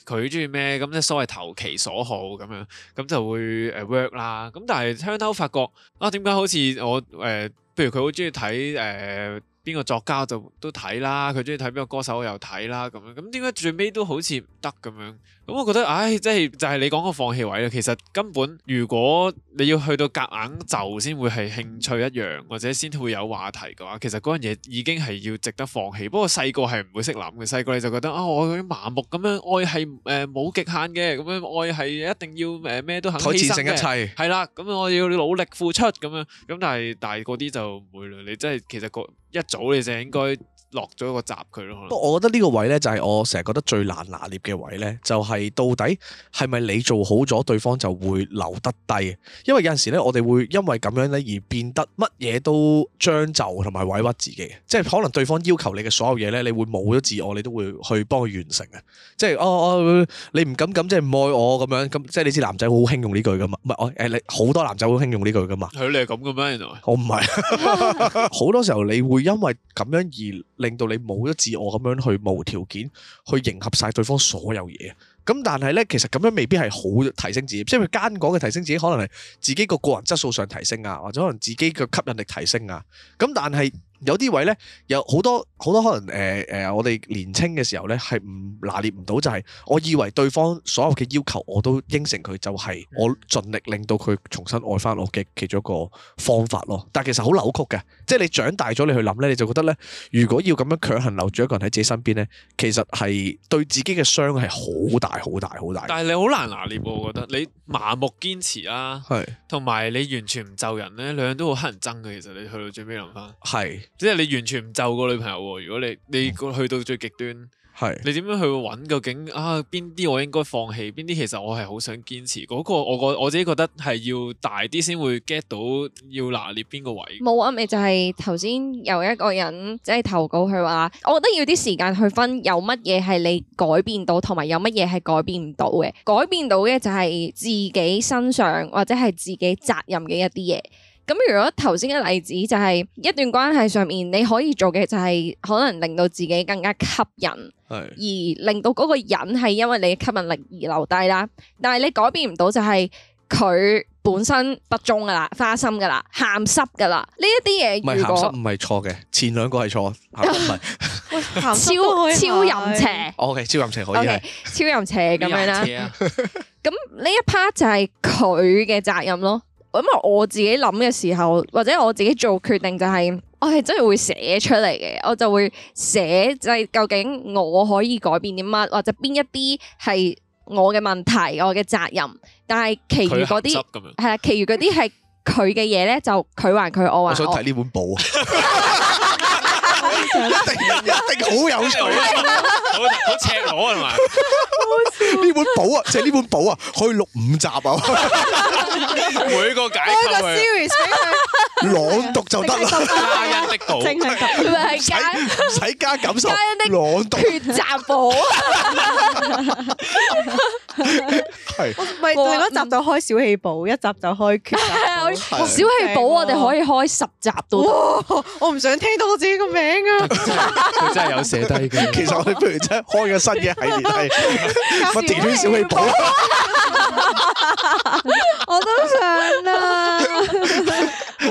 Speaker 5: 佢中意咩咁咧，所謂投其所好咁樣，咁就會誒 work 啦。咁但係聽頭發覺啊，點解好似我誒，譬、呃、如佢好中意睇誒。呃邊個作家我就都睇啦，佢中意睇邊個歌手我又睇啦，咁樣點解最尾都好似唔得咁樣？咁、嗯、我覺得，唉，即係就係你講個放棄位啦。其實根本，如果你要去到夾硬就先會係興趣一樣，或者先會有話題嘅話，其實嗰樣嘢已經係要值得放棄。不過細個係唔會識諗嘅，細個你就覺得啊，我麻木咁樣愛係誒冇極限嘅，咁樣愛係一定要誒咩、呃、都肯犧牲一切係啦，咁我要努力付出咁樣，咁但係大個啲就唔會啦。你真係其實個一早你就應該。落咗個閘佢
Speaker 2: 咯。不過我覺得呢個位呢，就係我成日覺得最難拿捏嘅位呢，就係到底係咪你做好咗，對方就會留得低？因為有陣時呢，我哋會因為咁樣呢而變得乜嘢都將就同埋委屈自己。即係可能對方要求你嘅所有嘢呢，你會冇咗自我，你都會去幫佢完成啊、哦。即係哦哦，你唔敢咁，即係唔愛我咁樣咁，即係你知男仔好興用呢句噶嘛？唔係我誒，你好多男仔好興用呢句噶嘛？
Speaker 5: 係你係咁嘅咩？原來
Speaker 2: 我唔係好多時候，你會因為咁樣而。令到你冇咗自我咁樣去無條件去迎合晒對方所有嘢，咁但係咧，其實咁樣未必係好提升自己，即係佢奸講嘅提升自己，可能係自己個個人質素上提升啊，或者可能自己嘅吸引力提升啊，咁但係。有啲位咧，有好多好多可能，誒、呃、誒、呃，我哋年青嘅時候咧，係唔拿捏唔到，就係我以為對方所有嘅要求我都應承佢，就係我盡力令到佢重新愛翻我嘅其中一個方法咯。但係其實好扭曲嘅，即係你長大咗，你去諗咧，你就覺得咧，如果要咁樣強行留住一個人喺自己身邊咧，其實係對自己嘅傷係好大好大好大。
Speaker 5: 但係你好難拿捏喎、啊，我覺得你麻木堅持啦、啊，係是，同埋你完全唔就人咧，兩樣都好乞人憎嘅。其實你去到最尾諗翻係。即係你完全唔就個女朋友，如果你你去到最極端，係是你點樣去搵，究竟，啊，邊啲我應該放棄，邊啲其實我係好想堅持？嗰、那個我個我自己覺得係要大啲先會 get 到要拿捏邊
Speaker 6: 個位。
Speaker 3: 冇啊，咪就係頭先有一個人即係、就是、投稿佢話，我覺得要啲時間去分，有乜嘢係你改變到，同埋有乜嘢係改變唔到嘅？改變到嘅就係自己身上或者係自己責任嘅一啲嘢。咁如果頭先嘅例子就係一段關係上面，你可以做嘅就係可能令到自己更加吸引，而令到嗰個人係因為你嘅吸引力而留低啦。但係你改變唔到就係佢本身不忠噶啦、花心噶啦、鹹濕噶啦呢一啲嘢。唔係鹹濕
Speaker 2: 唔係錯嘅，前兩個係錯。鹹濕唔
Speaker 6: 係
Speaker 3: 超超淫邪。
Speaker 2: O K，超淫邪可以係
Speaker 3: 超淫邪咁樣啦。咁呢一 part 就係佢嘅責任咯。咁啊！因為我自己諗嘅時候，或者我自己做決定，就是，就係我係真係會寫出嚟嘅，我就會寫就係、是、究竟我可以改變啲乜，或者邊一啲係我嘅問題、我嘅責任，但係其餘嗰啲係啊，其餘嗰啲係佢嘅嘢咧，就佢還
Speaker 2: 佢，我還我。我想睇呢本簿
Speaker 6: 一定一定好有趣啊！好好赤裸係嘛！呢本簿
Speaker 2: 啊，即係呢本簿啊，可以錄五集啊！
Speaker 6: 每個解剖一個 series 俾佢。朗讀就得啦，加音力度，唔使加感受。
Speaker 2: 朗讀
Speaker 3: 集寶，
Speaker 4: 係咪？另一集就開小氣寶，一集就開決。係啊，小氣寶，我哋可以
Speaker 3: 開十集都。
Speaker 4: 哇！
Speaker 2: 我
Speaker 3: 唔想聽到我自己個名啊！
Speaker 6: 佢真係有寫低嘅。
Speaker 2: 其實我哋不如真開個新嘅系列，乜點樣小氣寶？
Speaker 6: 我都想啊！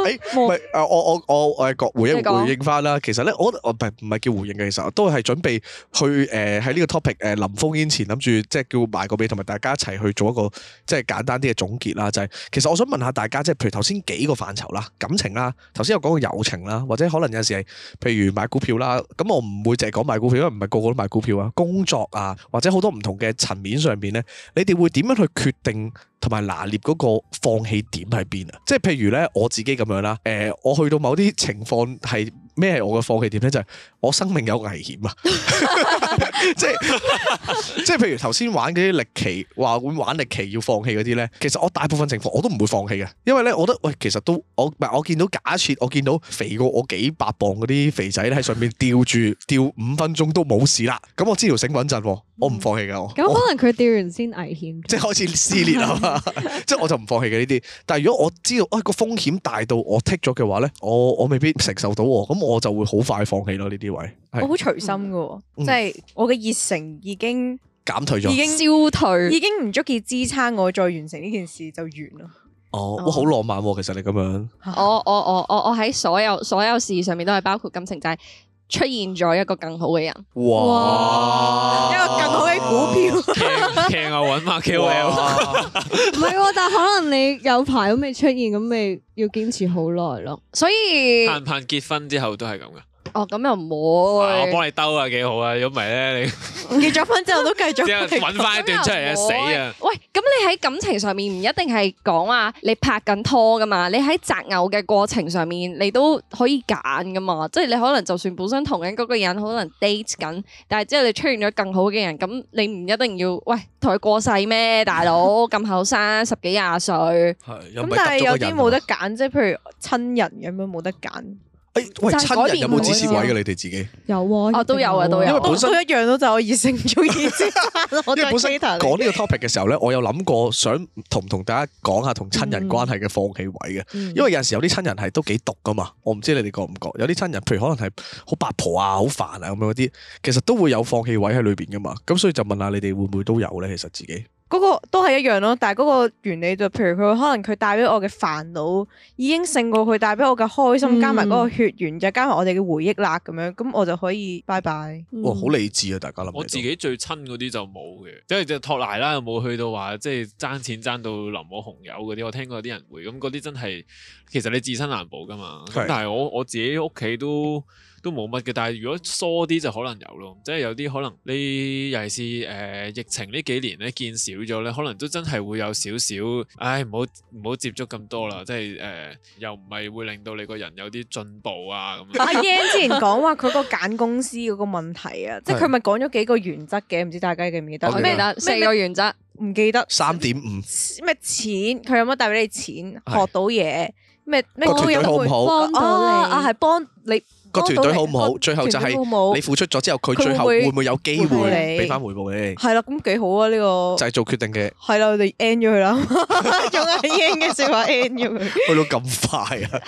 Speaker 2: 誒，唔係、欸，誒，我我我我係回應回應翻啦說。其實咧，我，我唔係唔係叫回應嘅，其實都係準備去誒喺呢個 topic 誒、呃，林峯之前諗住即係叫埋個尾，同埋大家一齊去做一個即係簡單啲嘅總結啦。就係、是、其實我想問下大家，即係譬如頭先幾個範疇啦，感情啦，頭先我講過友情啦，或者可能有陣時係譬如買股票啦，咁我唔會淨係講買股票，因為唔係個個都買股票啊。工作啊，或者好多唔同嘅層面上面咧，你哋會點樣去決定同埋拿捏嗰個放棄點喺邊啊？即係譬如咧，我自己咁。咁啦，誒、呃，我去到某啲情況係咩？我嘅放棄點咧，就係、是、我生命有危險啊！ 即係即係，譬如頭先玩嗰啲歷奇，話會玩歷奇要放棄嗰啲咧，其實我大部分情況我都唔會放棄嘅，因為咧，我覺得喂，其實都我唔係我見到假設我見到肥過我幾百磅嗰啲肥仔咧喺上面吊住吊五分鐘都冇事啦，咁我知條繩穩陣，我唔放棄噶。咁、嗯、可
Speaker 1: 能佢吊完先危險，我 即係開
Speaker 2: 始撕裂啊嘛， 即係我就唔放棄嘅呢啲。但係如果我知道啊個、哎、風險大到我剔咗嘅話咧，我我未必承受到，咁我就會好快放棄咯。呢啲位我隨。我好
Speaker 4: 隨心噶，即係我。哎嘅熱誠已經
Speaker 2: 減退咗，已經消退，已經
Speaker 4: 唔足以支撐我再完成呢件事就
Speaker 3: 完咯。
Speaker 2: Oh, 哇哦，好浪漫喎！其實你咁樣，
Speaker 3: 我我我我我喺所有所有事上面都係包括感情，就係出現咗一個更好嘅人。
Speaker 5: 哇！哇一個更好嘅股票，勁 啊！揾孖 K O L，
Speaker 1: 唔係喎，但可能你有排都未出現，咁咪要堅持好耐
Speaker 5: 咯。
Speaker 3: 所以，盼
Speaker 5: 盼結婚之後都係咁嘅。
Speaker 3: 哦，咁又唔好喎。
Speaker 5: 我幫你兜啊，幾好啊！如果唔係咧，你
Speaker 3: 結咗婚之後都繼續搵翻 一段出嚟啊，死啊！喂，咁你喺感情上面唔一定係講話你拍緊拖噶嘛？你喺擇偶嘅過程上面，你都可以揀噶嘛？即係你可能就算本身同緊嗰個人，可能 date 緊，但係之後你出現咗更好嘅人，咁你唔一定要喂同佢過世咩？大佬咁後生，十幾廿歲，
Speaker 6: 係咁， 但係有啲冇
Speaker 3: 得揀，即係譬如親人咁樣冇得揀。
Speaker 2: 誒，喂、哎，親人有冇支持位嘅？你哋自己
Speaker 3: 有啊，有啊，
Speaker 4: 都有啊，都有、啊，都一樣咯，就可以成中意知。因為本身講
Speaker 2: 呢 個 topic 嘅時候咧， 我有諗過想同唔同大家講下同親人關係嘅放棄位嘅，嗯、因為有陣時有啲親人係都幾毒噶嘛，我唔知你哋覺唔覺？有啲親人，譬如可能係好八婆啊，好煩啊，咁樣嗰啲，其實都會有放棄位喺裏邊噶嘛。咁所以就問下你哋會唔會都有咧？其實自己。
Speaker 4: 嗰個都係一樣咯，但係嗰個原理就，譬如佢可能佢帶俾我嘅煩惱已經勝過佢帶俾我嘅開心，加埋嗰個血緣，就加埋我哋嘅回憶啦，咁樣，咁我就可以拜拜。
Speaker 2: 哇，好理智啊，大家諗。我
Speaker 5: 自己最親嗰啲就冇嘅，即係就托賴啦，又冇去到話即係爭錢爭到淋我紅油嗰啲，我聽過有啲人會咁，嗰啲真係其實你自身難保噶嘛。但係我我自己屋企都都冇乜嘅，但係如果疏啲就可能有咯，即係有啲可能你尤其是誒疫情呢幾年咧見少咗咧，可能都真係會有少少，唉，唔好唔好接觸咁多啦，即係誒、呃，又唔係會令到你個人有啲進步啊咁樣。阿 Yan 之前
Speaker 4: 講話佢個揀公司嗰個問題啊， 即係佢咪講咗幾個原則嘅，唔知大家記唔記得？記得四個原則，唔
Speaker 2: 麼記得三點五
Speaker 4: 咩錢？佢有冇帶俾你錢？學到嘢咩咩嘢會幫到你啊？係幫你。個團隊好唔好？最後就係你付
Speaker 2: 出咗之後，佢最後會唔會有機會俾翻回報你？係
Speaker 4: 啦，咁幾好啊！呢個就係
Speaker 2: 做決定嘅。
Speaker 4: 係啦，我
Speaker 3: 哋 end 咗佢啦，用阿 y 嘅說話 end 咗佢，
Speaker 2: 去到咁快
Speaker 3: 啊！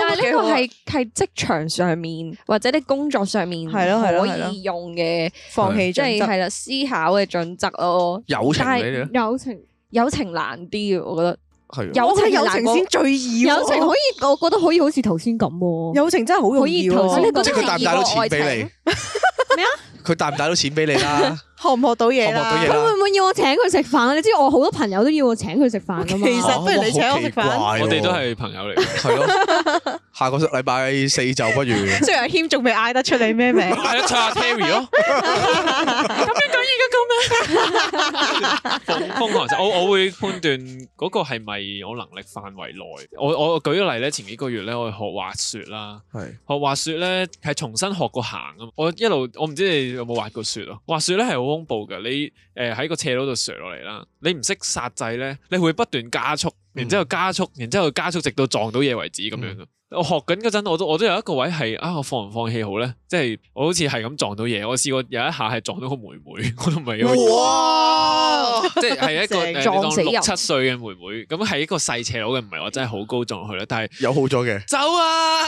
Speaker 3: 但係呢個係係職場上面或者啲工作上面係咯可以用嘅放棄，即係係啦思考嘅準則咯。友情呢啲，友情友情難啲嘅，我覺得。
Speaker 6: 係，我
Speaker 4: 覺得友情先最易。友情可以，
Speaker 1: 我覺得可以好似頭先咁。友情真係好容易。頭先你講到愛情，咩
Speaker 2: 啊？佢帶唔帶到錢俾你啦？
Speaker 1: 學唔學到嘢啦？佢會唔會要我請佢食飯啊？你知我好多朋友都要我請佢食飯噶嘛？其實不如你請我食
Speaker 2: 飯，我哋都係朋友嚟嘅。係咯。下個禮拜四就不如，即
Speaker 1: 係阿謙仲未嗌得出你咩名？
Speaker 4: 嗌
Speaker 6: 得出阿 Terri 咯。咁 樣咁樣咁
Speaker 5: 樣。瘋狂就我我會判斷嗰個係咪我能力範圍內。我我舉個例咧，前幾個月咧，我去學滑雪啦，是學滑雪咧係重新學過行啊。我一路我唔知你有冇滑過雪咯。滑雪咧係好恐怖噶。你誒喺個斜度度雪落嚟啦，你唔識煞掣咧，你會不斷加速，然之後加速，然之後加速，加速加速直到撞到嘢為止咁樣 我學緊嗰陣，我都我都有一個位係啊，我放唔放棄好呢？即係我好似係咁撞到嘢，我試過有一下係撞到個妹妹，我都唔係咁。
Speaker 6: 即係一個誒，當六
Speaker 5: 七歲嘅妹妹咁，係一個細斜佬嘅，唔係我真係好高撞去啦。但係
Speaker 2: 有好咗嘅，
Speaker 6: 走啊！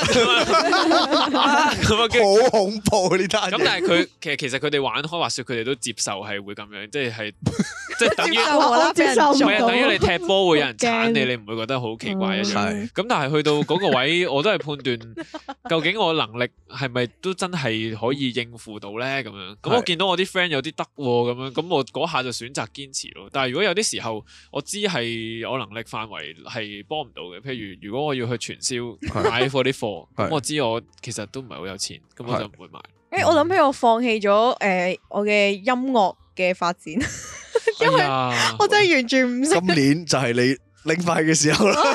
Speaker 2: 好恐怖呢單。咁但係佢
Speaker 5: 其實其實佢哋玩開滑雪，佢哋都接受係會咁樣，即係係即係等於。走唔到。唔係等於你踢波會有人鏟你，你唔會覺得好奇怪一樣。咁但係去到嗰個位，我都係判斷究竟我能力係咪都真係可以應付到咧？咁樣咁我見到我啲 friend 有啲得喎，咁樣咁我嗰下就選擇堅持。但係如果有啲時候，我知係有能力範圍係幫唔到嘅。譬如如果我要去傳銷是的 買貨啲貨，咁是的 我知我其實都唔係好有錢，咁是的 我就唔會買。
Speaker 2: 誒、欸，我
Speaker 4: 諗起我放棄咗誒我嘅音樂嘅發展，
Speaker 2: 因為我真
Speaker 4: 係完全唔識、哎。今
Speaker 2: 年就係你拎返去嘅時候
Speaker 4: 啦。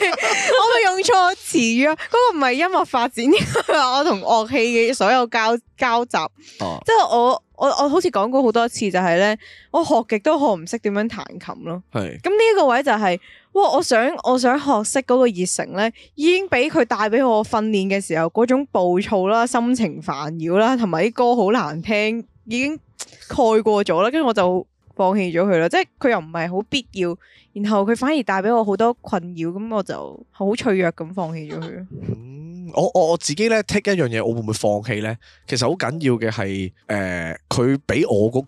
Speaker 4: 我咪用錯詞語啊！嗰、那個唔係音樂發展，因 我同樂器嘅所有交交集，即係、啊、我。我我好似講過好多次，就係咧，我學極都學唔識點樣彈琴咯。係是。咁呢一個位就係、是，哇！我想我想學識嗰個熱誠咧，已經俾佢帶俾我訓練嘅時候嗰種暴躁啦、心情煩擾啦，同埋啲歌好難聽，已經蓋過咗啦。跟住我就放棄咗佢啦。即係佢又唔係好必要，然後佢反而帶俾我好多困擾，咁我就好脆弱咁放棄咗佢。嗯。
Speaker 2: 我我我自己咧 take 一樣嘢，我會唔會放棄咧？其實好緊要嘅係，誒，佢俾我嗰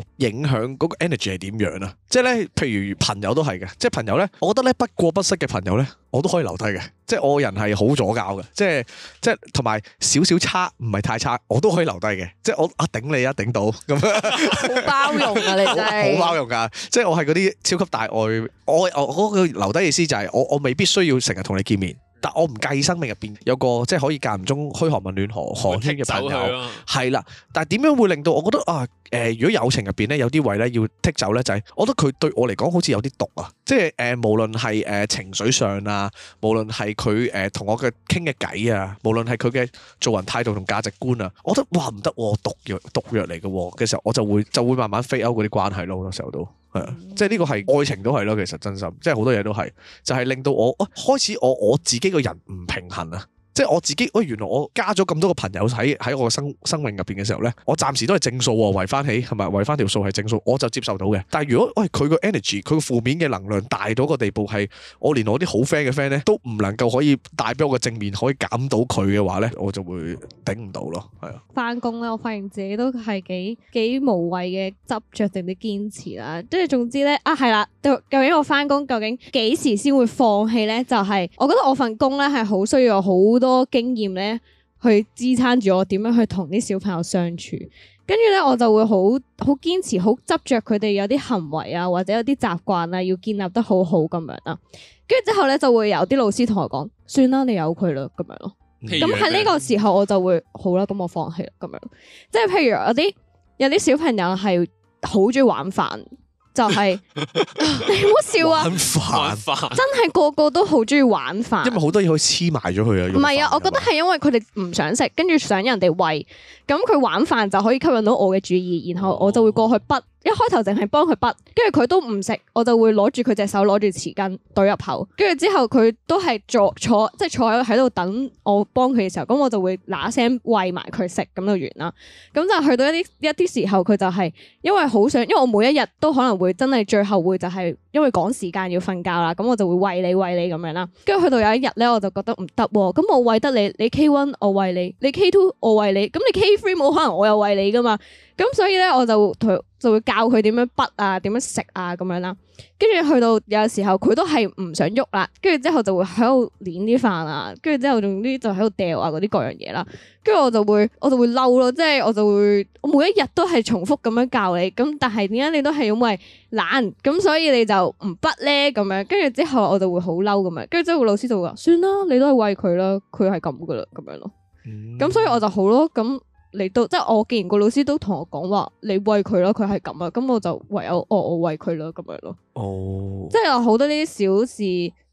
Speaker 2: 個影響，嗰個 energy 係點樣啊？即係咧，譬如朋友都係嘅，即係朋友咧，我覺得咧，不過不失嘅朋友咧，我都可以留低嘅。即係我人係好左膠嘅，即係即係，同埋少少差，唔係太差，我都可以留低嘅。即係我啊，頂你啊，頂到咁樣， 好包容啊，你真係 好包容噶。即係我係嗰啲超級大愛，我我我個留低意思就係，我我未必需要成日同你見面。但我唔介意生命入邊有個即係可以間唔中虛寒問暖寒寒暄嘅朋友，係啦。但係點樣會令到我覺得啊？誒、呃，如果友情入邊咧有啲位咧要剔走咧，就係、是、我覺得佢對我嚟講好似有啲毒啊！即係誒、呃，無論係誒情緒上啊，無論係佢誒同我嘅傾嘅偈啊，無論係佢嘅做人態度同價值觀啊，我覺得哇唔得、哦，毒藥毒藥嚟嘅嘅時候，我就會就會慢慢 fade out 嗰啲關係咯。有時候都。即係呢個係愛情都係咯，其實真心，即係好多嘢都係，就係、係、令到我，開始我我自己個人唔平衡啊。即係我自己，哦，原來我加咗咁多個朋友喺喺我嘅生生命入邊嘅時候咧，我暫時都係正數喎，圍翻起，係咪圍翻條數係正數，我就接受到嘅。但係如果喂佢個 energy，佢個負面嘅能量大到個地步係，我連我啲好 friend 嘅 friend 咧都唔能夠可以帶俾我嘅正面可以減到佢嘅話咧，我就會頂唔到咯，係啊。
Speaker 1: 翻工咧，我發現自己都係幾幾無謂嘅執着定啲堅持啦。即係總之咧，啊係啦，究竟我翻工究竟幾時先會放棄咧？就係我覺得我份工咧係好需要好。多經驗咧，去支撐住我點樣去同啲小朋友相處，跟住咧我就會好好堅持，好執着佢哋有啲行為啊，或者有啲習慣啊，要建立得好好咁樣啊。跟住之後咧就會有啲老師同我講，算啦，你由佢啦咁樣咯。咁喺呢個時候我就會好啦，咁我放棄啦咁樣。即係譬如有啲有啲小朋友係好中意玩飯。就係、是、 你唔好
Speaker 6: 笑啊！飯真
Speaker 1: 係個個都好中意玩飯，因為好
Speaker 2: 多嘢可以黐埋咗佢啊。唔
Speaker 1: 係啊，我覺得係因為佢哋唔想食，跟住想人哋喂，咁佢玩飯就可以吸引到我嘅注意，然後我就會過去不。一開頭淨係幫佢筆，跟住佢都唔食，我就會攞住佢隻手攞住匙羹對入口，跟住之後佢都係坐坐，即係坐喺度、就係、等我幫佢嘅時候，咁我就會嗱聲餵埋佢食咁就完啦。咁就去到一啲一啲時候，佢就係因為好想，因為我每一日都可能會真係最後會就係、係。因為趕時間要瞓覺啦，咁我就會餵你餵你咁樣啦。跟住去到有一日咧，我就覺得唔得喎。咁我餵得你，你 K one 我餵你，你 K two 我餵你，咁你 K three 冇可能我又餵你噶嘛。咁所以咧，我就同就會教佢點樣筆啊，點樣食啊咁樣啦。跟住去到有時候佢都係唔想喐啦，跟住之後就會喺度捻啲飯啊，跟住之後仲啲就喺度掉啊嗰啲各樣嘢啦，跟住我就會我就會嬲咯，即係我就會我每一日都係重複咁樣教你，咁但係點解你都係因為懶，咁所以你就唔畢咧咁樣，跟住之後我就會好嬲咁樣，跟住之後個老師就會話算啦，你都係喂佢啦，佢係咁噶啦，咁樣咯，咁、嗯、所以我就好咯咁。嚟到，即係我，既然個老師都同我講話，你喂佢咯，佢係咁啊，咁我就唯有我我喂佢咯，咁樣咯。哦，oh. 即係有好多呢啲小事，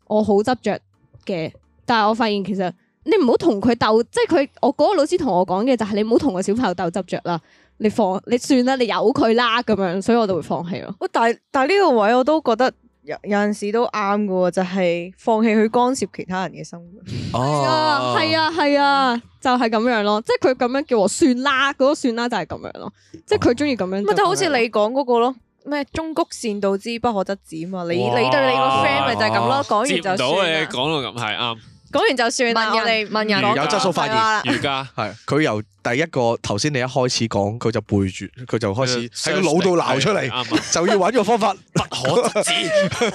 Speaker 1: 我好執着嘅，但係我發現其實你唔好同佢鬥，即係佢我嗰個老師同我講嘅就係你唔好同個小朋友鬥執着啦，你放你算你啦，你由佢啦咁樣，所以我就會放棄咯。喂，但係但係呢個位我都覺得。有有陣時都啱㗎喎，就係放棄去干涉其他人嘅生活。
Speaker 6: 啊，係
Speaker 1: 啊，係啊，就係咁樣咯。即係佢咁樣叫我算啦，嗰算啦就係咁樣咯。即係佢中意咁樣。咪就好似你講嗰個咯，咩中谷善道之不可得止嘛！你你對你個 friend 咪就係咁咯。講完
Speaker 4: 就
Speaker 5: 到你講，到咁係啱。
Speaker 4: 講完就算，我哋問人有質素發
Speaker 2: 言，而家。係佢由。第一個頭先你一開始講，佢就背住佢就開始，喺個腦度鬧出嚟，就要玩揾個方法 不可止置，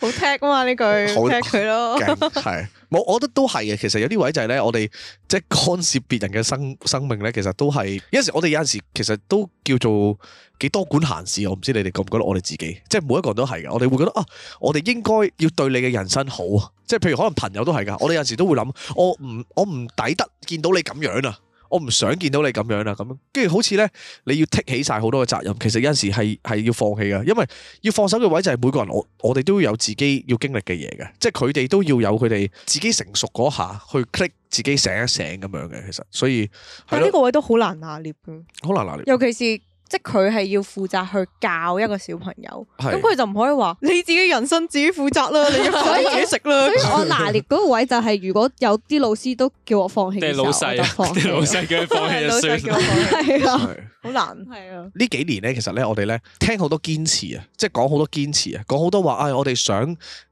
Speaker 4: 好聽啊嘛，呢句好聽佢咯。係
Speaker 2: 冇很，我覺得都係嘅。其實有啲位就係咧，我哋即係干涉別人嘅生生命咧，其實都係有陣時，我哋有陣時其實都叫做幾多管閒事。我唔知你哋覺唔覺得我哋自己，即係每一個人都係嘅。我哋會覺得啊，我哋應該要對你嘅人生好。即係譬如可能朋友都係噶，我哋有陣時都會諗，我唔我唔抵得見到你咁樣啊，我唔想見到你咁樣啦，咁跟住好似咧，你要剔起晒好多嘅責任，其實有陣時係係要放棄噶，因為要放手嘅位就係每個人我我哋都要有自己要經歷嘅嘢嘅，即係佢哋都要有佢哋自己成熟嗰下去 click 自己醒一醒咁樣嘅，其實所以但係呢個
Speaker 4: 位都好難拿捏嘅，
Speaker 2: 好難拿捏，尤
Speaker 4: 其是。即佢係要負責去教一個小朋友，咁佢是的 就唔可以話你自
Speaker 1: 己人生自己負責
Speaker 4: 啦，你自己食
Speaker 6: 啦。所以我拿捏
Speaker 1: 嗰個位就係如果有啲老師都叫我放棄，啲老細啊，
Speaker 6: 啲老細叫你放棄就算，係啊，好
Speaker 1: 難係
Speaker 2: 啊。呢幾年咧，其實咧，我哋咧聽好多堅持啊，即係講好多堅持啊，講好多話，唉，我哋想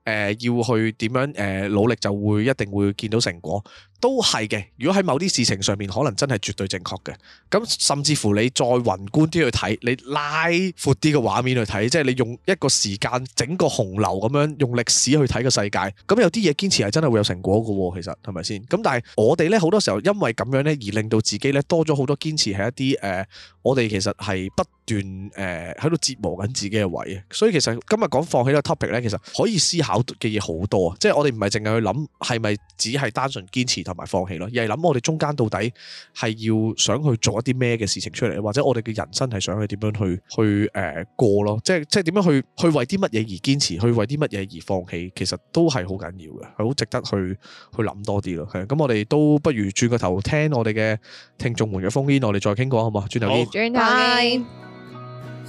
Speaker 2: 誒要去點樣誒努力，就會一定會見到成果。都係嘅，如果喺某啲事情上面，可能真係絕對正確嘅。咁甚至乎你再宏觀啲去睇，你拉闊啲嘅畫面去睇，即係你用一個時間整個洪流咁樣用歷史去睇個世界。咁有啲嘢堅持係真係會有成果嘅，其實係咪先？咁但係我哋呢，好多時候因為咁樣呢，而令到自己呢多咗好多堅持係一啲誒、呃，我哋其實係不。段誒喺度折磨緊自己嘅位啊，所以其實今日講放棄呢個 topic 咧，其實可以思考嘅嘢好多啊，即係我哋唔係淨係去諗係咪只係單純堅持同埋放棄咯，而係諗我哋中間到底係要想去做一啲咩嘅事情出嚟，或者我哋嘅人生係想去點樣去去誒過咯，即係即係點樣去去為啲乜嘢而堅持，去為啲乜嘢而放棄，其實都係好緊要嘅，係好值得去去諗多啲咯。係。咁我哋都不如轉個頭聽我哋嘅聽眾們嘅風煙，我哋再傾過好嗎？好，轉
Speaker 3: 頭天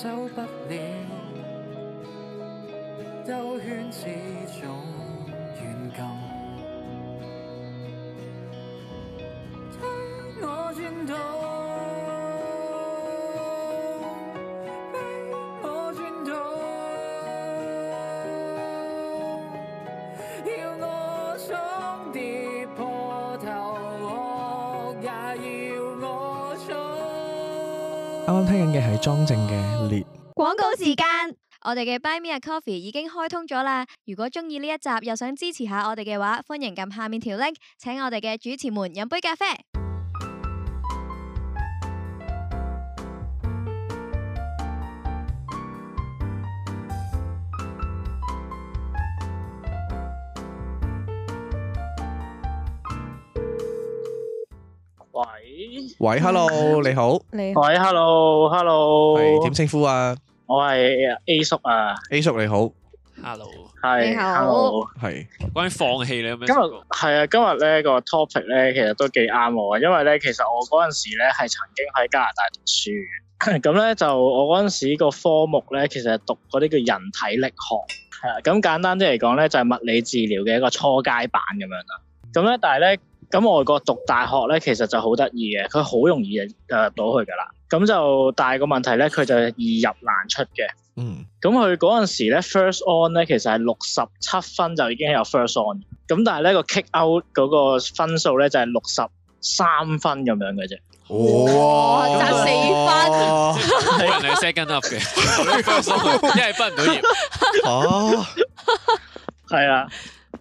Speaker 3: 走不了，
Speaker 6: 兜圈始終遠近，推我轉到。
Speaker 2: 啱啱聽緊嘅係莊正嘅列。
Speaker 3: 廣告時間，我哋嘅 Buy Me a Coffee
Speaker 4: 已經開通咗啦。如果中意呢一集又想支持下我哋嘅話，歡迎撳下面條 link，請我哋嘅主持們飲杯咖啡。
Speaker 6: 喂，Hello，嗯，你好。你好。喂
Speaker 2: ，Hello，Hello。係點稱呼啊？
Speaker 7: 我係 A 叔啊。
Speaker 2: A 叔你好。Hello。
Speaker 7: 係。你好。係。關於放棄咧，今日
Speaker 2: 係啊，今日咧
Speaker 7: 個 topic 咧，其實都幾啱我啊。因為咧，其實我嗰陣時咧係曾經喺加拿大讀書，咁咧就我嗰陣時個科目咧，其實係讀嗰啲叫人體力學，係啊。咁簡單啲嚟講咧，就係物理治療嘅一個初階版咁樣啦。咁咧，但係咧。咁外國讀大學咧，其實就好得意嘅，佢好容易誒到去㗎啦。咁就第二個問題咧，佢就易入難出嘅。
Speaker 6: 嗯。
Speaker 7: 咁佢嗰陣時咧，first on 咧其實係六十七分就已經有 first on。咁但係咧個 kick out 嗰個分數咧就係六十三分咁樣嘅啫。
Speaker 6: 哇、哦啊哦！得
Speaker 5: 四分。係啊，set 跟 up 嘅，
Speaker 7: 一係畢唔到業。哦。係啊，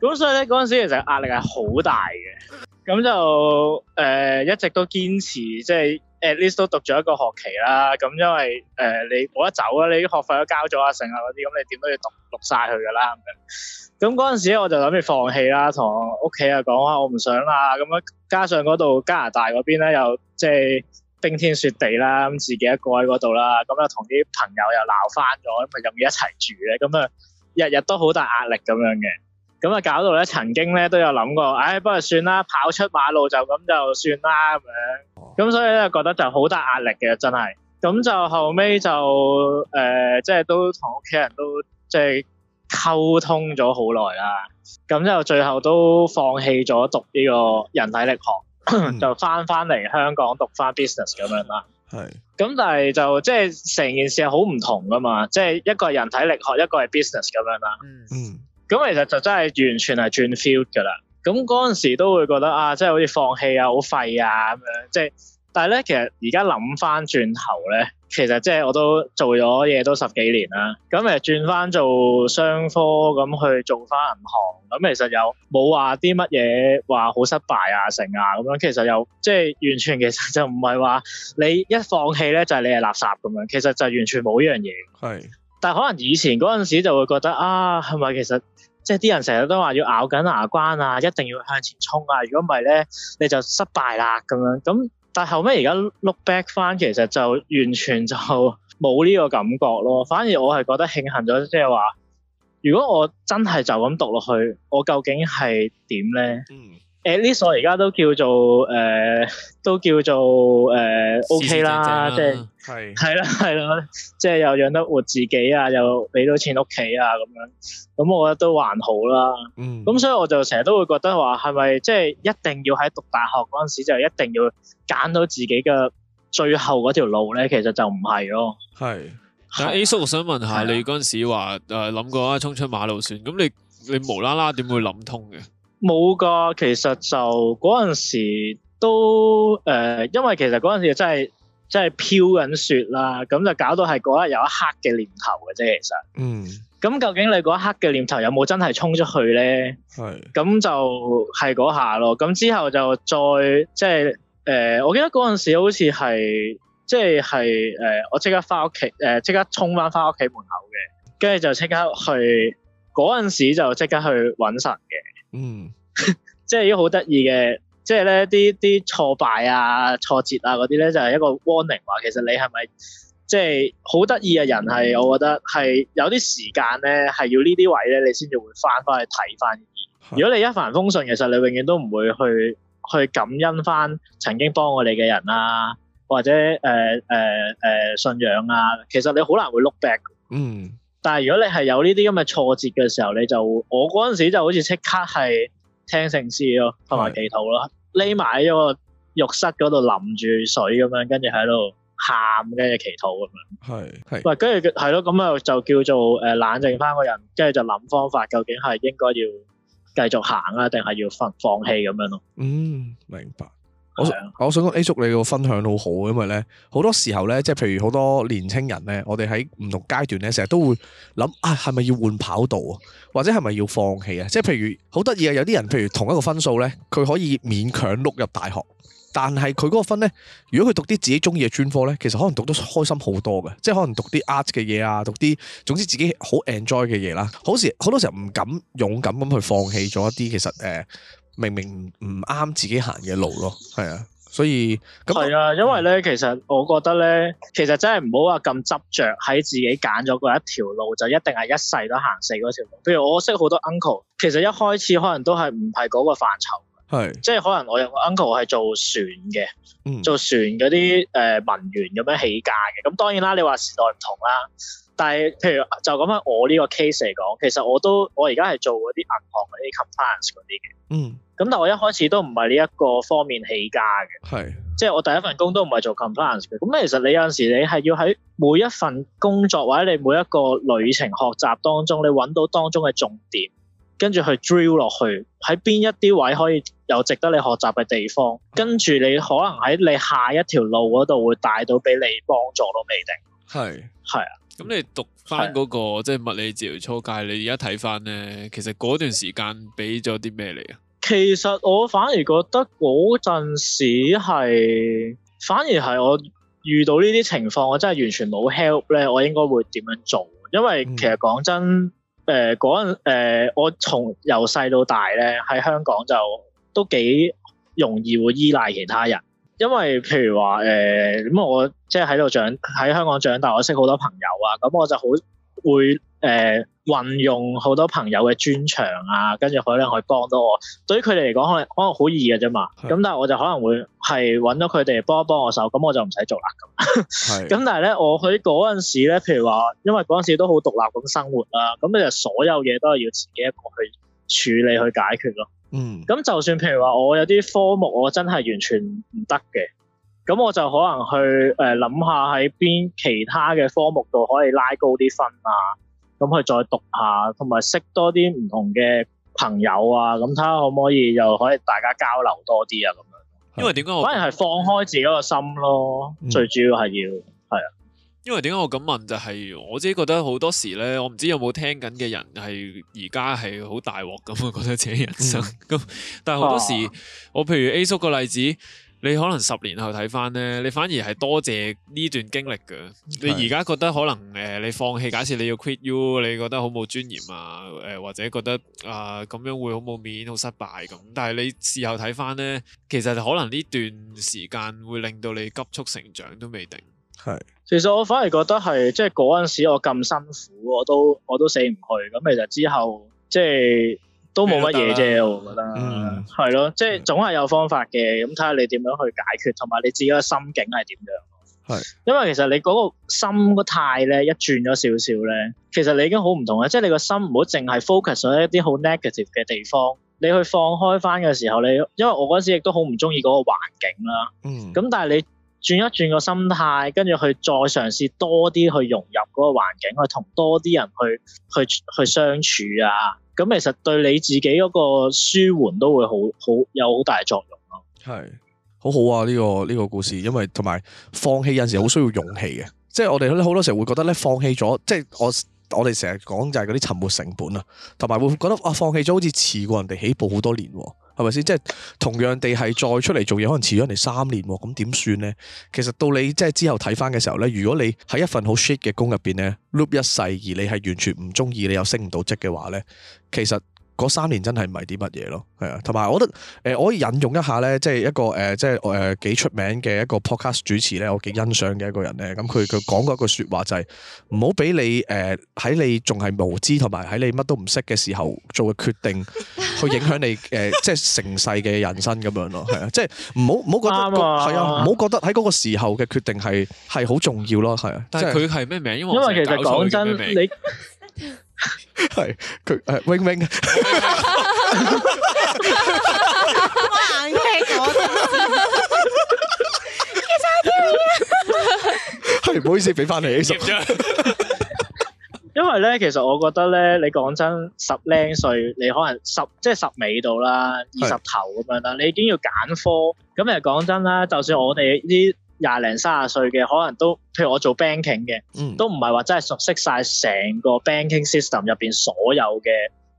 Speaker 7: 咁 所以咧嗰陣時其實壓力係好大嘅。咁就誒、呃、一直都堅持，即係 at least 都讀咗一個學期啦。咁、嗯、因為誒你冇得走啊，你啲學費都交咗啊，剩啊嗰啲，咁你點都要讀讀晒佢㗎啦。咁樣咁嗰時我就諗住放棄啦，同屋企啊講啊，我唔想啦。咁、嗯、樣加上嗰度加拿大嗰邊咧，又即係冰天雪地啦，咁自己一個喺嗰度啦，咁又同啲朋友又鬧翻咗，咁係入面一齊住咧，咁啊日日都好大壓力咁樣嘅。咁啊，搞到咧，曾經咧都有諗過，唉、哎，不過算啦，跑出馬路就咁就算啦，咁樣、哦。咁、嗯、所以咧，覺得就好大壓力嘅，真係。咁就後尾，就、呃、誒，即係都同屋企人都即係溝通咗好耐啦。咁就最後都放棄咗讀呢個人體力學， 就翻翻嚟香港讀翻 business 咁樣啦。係、嗯。咁但係就即係成件事係好唔同噶嘛，即係一個係人體力學，一個係 business 咁樣啦。嗯。嗯。咁其實就真係完全係轉 field 㗎啦。咁嗰陣時都會覺得啊，即係好似放棄啊，好廢啊咁樣。即係，但係咧，其實而家諗翻轉頭咧，其實即係我都做咗嘢都十幾年啦。咁誒轉翻做商科咁去做翻銀行咁，其實又冇話啲乜嘢話好失敗啊、成啊咁樣。其實又即係完全其實就唔係話你一放棄咧就係你係垃圾咁樣。其實就完全冇呢樣嘢。係。但係可能以前嗰陣時就會覺得啊，係咪其實即係啲人成日都話要咬緊牙關啊，一定要向前衝啊，如果唔係咧你就失敗啦咁樣。咁但係後尾而家 look back 翻，其實就完全就冇呢個感覺咯。反而我係覺得慶幸咗，即係話如果我真係就咁讀落去，我究竟係點咧？嗯誒呢所而家都叫做誒都叫做誒 OK 啦，即係係啦係啦，即係又養得活自己啊，又俾到錢屋企啊，咁樣咁我覺得都還好啦。嗯，咁所以我就成日都會覺得話係咪即係一定要喺讀大學嗰陣時就一定要揀到自己嘅最後嗰條路咧？其實就唔係咯。
Speaker 5: 係，但 A 叔我想問下你嗰陣時話誒諗過啊，衝出馬路算，咁你你無啦啦點會諗通嘅？
Speaker 7: 冇噶，其實就嗰陣時都誒、呃，因為其實嗰陣時真係真係飄緊雪啦，咁就搞到係嗰一有一刻嘅念頭嘅啫。其實，嗯，咁究竟你嗰一刻嘅念頭有冇真係衝出去咧？係是，咁就係嗰下咯。咁之後就再即係誒，我記得嗰陣時好似係即係係誒，我即刻返屋企，誒、呃、即刻衝返返屋企門口嘅，跟住就即刻去嗰陣時就即刻去搵神嘅。嗯，即係已經好得意嘅，即係咧啲啲挫敗啊、挫折啊嗰啲咧，就係一個 warning 話，其實你係咪即係好得意嘅人？係我覺得係有啲時間咧，係要呢啲位咧，你先至會翻翻去睇翻。如果你一帆風順，其實你永遠都唔會去去感恩翻曾經幫過你嘅人啊，或者誒誒誒信仰啊，其實你好難會 look back。嗯。但係如果你係有呢啲咁嘅挫折嘅時候，你就我嗰陣時就好似即刻係聽聖詩咯，同埋祈禱咯，匿埋喺個浴室嗰度淋住水咁樣，跟住喺度喊，跟住祈禱咁樣。係係是的。咪跟住係咯，咁啊就叫做誒、呃、冷靜翻個人，跟住就諗方法，究竟係應該要繼續行啊，定係要放放棄咁樣咯。嗯，
Speaker 2: 明白。我我想講 A 叔你個分享好好，因為咧好多時候咧，即係譬如好多年青人咧，我哋喺唔同階段咧，成日都會諗啊，哎，係咪要換跑道啊？或者係咪要放棄啊？即係譬如好得意啊，有啲人，譬如同一個分數咧，佢可以勉強碌入大學，但係佢嗰個分咧，如果佢讀啲自己中意嘅專科咧，其實可能讀得開心好多嘅，即係可能讀啲 art 嘅嘢啊，讀啲總之自己好 enjoy 嘅嘢啦。好時好多時候唔敢勇敢咁去放棄咗一啲，其實誒。呃明明唔啱自己行嘅路咯，係啊，所以係啊，
Speaker 7: 因為咧，其實我覺得咧，其實真係唔好話咁執着，喺自己揀咗嗰一條路，就一定係一世都行死嗰條路。譬如我識好多 uncle，其實一開始可能都係唔係嗰個範疇，是即係可能我有個 uncle 係做船嘅，嗯、做船嗰啲誒文員咁樣起家嘅。咁當然啦，你話時代唔同啦。但係，譬如就咁樣就講返，我呢個 case 嚟講，其實我都我而家係做嗰啲銀行嗰啲 compliance 嗰啲嘅。嗯。咁但係我一開始都唔係呢一個方面起家嘅。係是。即係我第一份工都唔係做 compliance 嘅。咁其實你有陣時你係要喺每一份工作或者你每一個旅程學習當中，你揾到當中嘅重點，跟住去 drill 落去，喺邊一啲位可以有值得你學習嘅地方，跟住你可能喺你下一條路嗰度會帶到俾你幫助都未定。係是。係啊。
Speaker 5: 咁你讀翻、那、嗰個是的 即係物理治療初階，你而家睇翻咧，其實嗰段時間俾咗啲咩嚟啊？
Speaker 7: 其實我反而覺得嗰陣時係，反而係我遇到呢啲情況，我真係完全冇 help 咧。我應該會點樣做？因為其實講真，誒嗰陣誒，我從由細到大咧喺香港就都幾容易會依賴其他人。因為譬如話誒，咁、呃、我即係喺度長喺香港長大，我識好多朋友啊，咁我就好會誒、呃、運用好多朋友嘅專長啊，跟住可能可以幫到我。對於佢哋嚟講，可能可能好易嘅啫嘛。咁是的 但係我就可能會係揾到佢哋幫一幫我手，咁我就唔使做啦。咁，咁但係咧，我喺嗰陣時咧，譬如話，因為嗰陣時都好獨立咁生活啦，咁你就所有嘢都係要自己一個去處理去解決咯。嗯，咁就算譬如話我有啲科目我真係完全唔得嘅，咁我就可能去誒諗下喺邊其他嘅科目度可以拉高啲分啊，咁去再讀下，同埋識多啲唔同嘅朋友啊，咁睇下可唔可以又可以大家交流多啲啊，咁樣。因為點解我反而係放開自己個心咯，嗯、最主要係要。
Speaker 5: 因為點解我咁問就係我自己覺得好多時呢，我唔知有冇聽緊嘅人係而家係好大鑊，咁我覺得
Speaker 7: 自己人生
Speaker 5: 咁，嗯、 但係好多時我譬如 A 叔個例子，你可能十年後睇翻呢，你反而係多謝呢段經歷噶。是的 你而家覺得可能誒、呃，你放棄，假設你要 quit you，你覺得好冇尊嚴啊、呃？或者覺得啊咁、呃、樣會好冇面，好失敗咁。但係你事後睇翻呢，其實可能呢段時間會令到你急速成長都未定係。
Speaker 7: 其實我反而覺得係，即係嗰陣時我咁辛苦，我都我都死唔去，咁其實之後即係都冇乜嘢啫，我覺得係咯、嗯，即係總係有方法嘅，咁睇下你點樣去解決，同埋你自己嘅心境係點樣。係，因為其實你嗰個心態咧，一轉咗少少咧，其實你已經好唔同嘅，即係你個心唔好淨係 focus 喺一啲好 negative 嘅地方，你去放開翻嘅時候，你因為我嗰時亦都好唔中意嗰個環境啦，咁、嗯、但係你。轉一轉個心態，跟住去再嘗試多啲去融入嗰個環境，去同多啲人去去去相處啊。咁其實對你自己嗰個舒緩都會好好有好大作
Speaker 2: 用咯啊。係，好好啊！呢個呢個故事，因為同埋放棄有陣時好需要勇氣嘅，即係我哋好多時候會覺得咧放棄咗，即係我我哋成日講就係嗰啲沉沒成本啊，同埋會覺得啊放棄咗好似遲過人哋起步好多年啊。係咪先？即係同樣地係再出嚟做嘢，可能遲咗人哋三年喎，咁點算呢？其實到你即係之後睇翻嘅時候呢，如果你喺一份好 shit 嘅工入邊呢，loop 一世，而你係完全唔中意，你又升唔到職嘅話呢，其實～嗰三年真係唔係啲乜嘢咯，係啊，同埋我覺得誒、呃，我可以引用一下咧，即係一個誒、呃，即係誒幾出名嘅一個 podcast 主持咧，我幾欣賞嘅一個人咧。咁佢佢講過一句説話就係唔好俾你誒喺、呃、你仲係無知同埋喺你乜都唔識嘅時候做嘅決定去影響你誒、 呃、即係成世嘅人生咁樣咯，係、那個、 啊，即係唔好唔好覺得係啊，唔好覺得喺嗰個時候嘅決定係係好重要咯，係啊。但係佢係
Speaker 5: 咩名？因為，名因為其實講真味道 你。
Speaker 2: 係佢誒，wing wing，
Speaker 6: 我眼病，我 designer，
Speaker 2: 係唔好意思，俾翻你 A 十，
Speaker 7: 因為咧，其實我覺得咧，你講真，十零歲，你可能十即係十尾度啦，二十頭咁樣啦，你已經要揀科，咁其實講真啦，就算我哋呢。廿零三十歲嘅可能都，譬如我做 banking 嘅，嗯、都唔係話真係熟悉晒成個 banking system 入邊所有嘅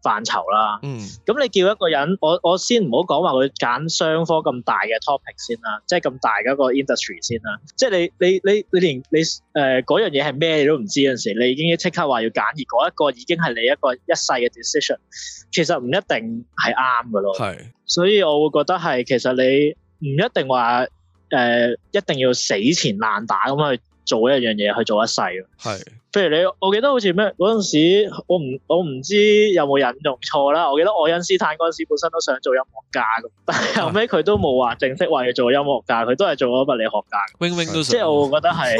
Speaker 7: 範疇啦。咁、嗯、你叫一個人，我我先唔好講話佢揀雙科咁大嘅 topic 先啦，即係咁大嘅一個 industry 先啦。即係你你你你，你連你誒嗰、呃、樣嘢係咩你都唔知嗰陣時，你已經即刻話要揀而嗰一個已經係你一個一世嘅 decision，其實唔一定係啱嘅咯。係，所以我會覺得係其實你唔一定話。誒、呃、一定要死纏爛打咁去做一樣嘢去做一世咯。係。例如你，我記得好似咩嗰陣時我，我唔我唔知有冇引用錯啦。我記得愛因斯坦嗰陣時本身都想做音樂家，但係後尾佢都冇話正式話要做音樂家，佢都係做咗物理學家。Wing Wing 都，即係我覺得係。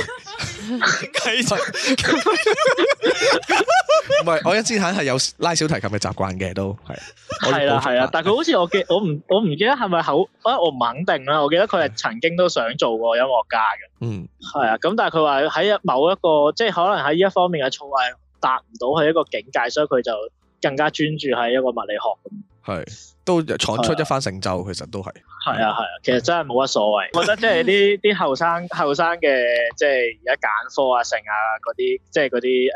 Speaker 6: 唔係，
Speaker 2: 愛因斯坦係有拉小提琴嘅習慣嘅，都係。
Speaker 7: 係啦，係啦的，但係佢好似我記，我唔我唔記得係咪口啊？我唔肯定啦，我記得佢係曾經都想做過音樂家嘅。嗯，係啊，咁但係佢話喺某一個，即係可能喺一。一方面嘅錯位，達唔到佢一個境界，所以佢就更加專注喺一個物理學咁。
Speaker 2: 係，都闖出一番成就，啊、其實都係。係啊，係啊，啊其實真係冇乜所謂。 我覺得即係
Speaker 7: 啲啲後生後生嘅，即係而家揀科啊、剩啊嗰啲，即係嗰啲誒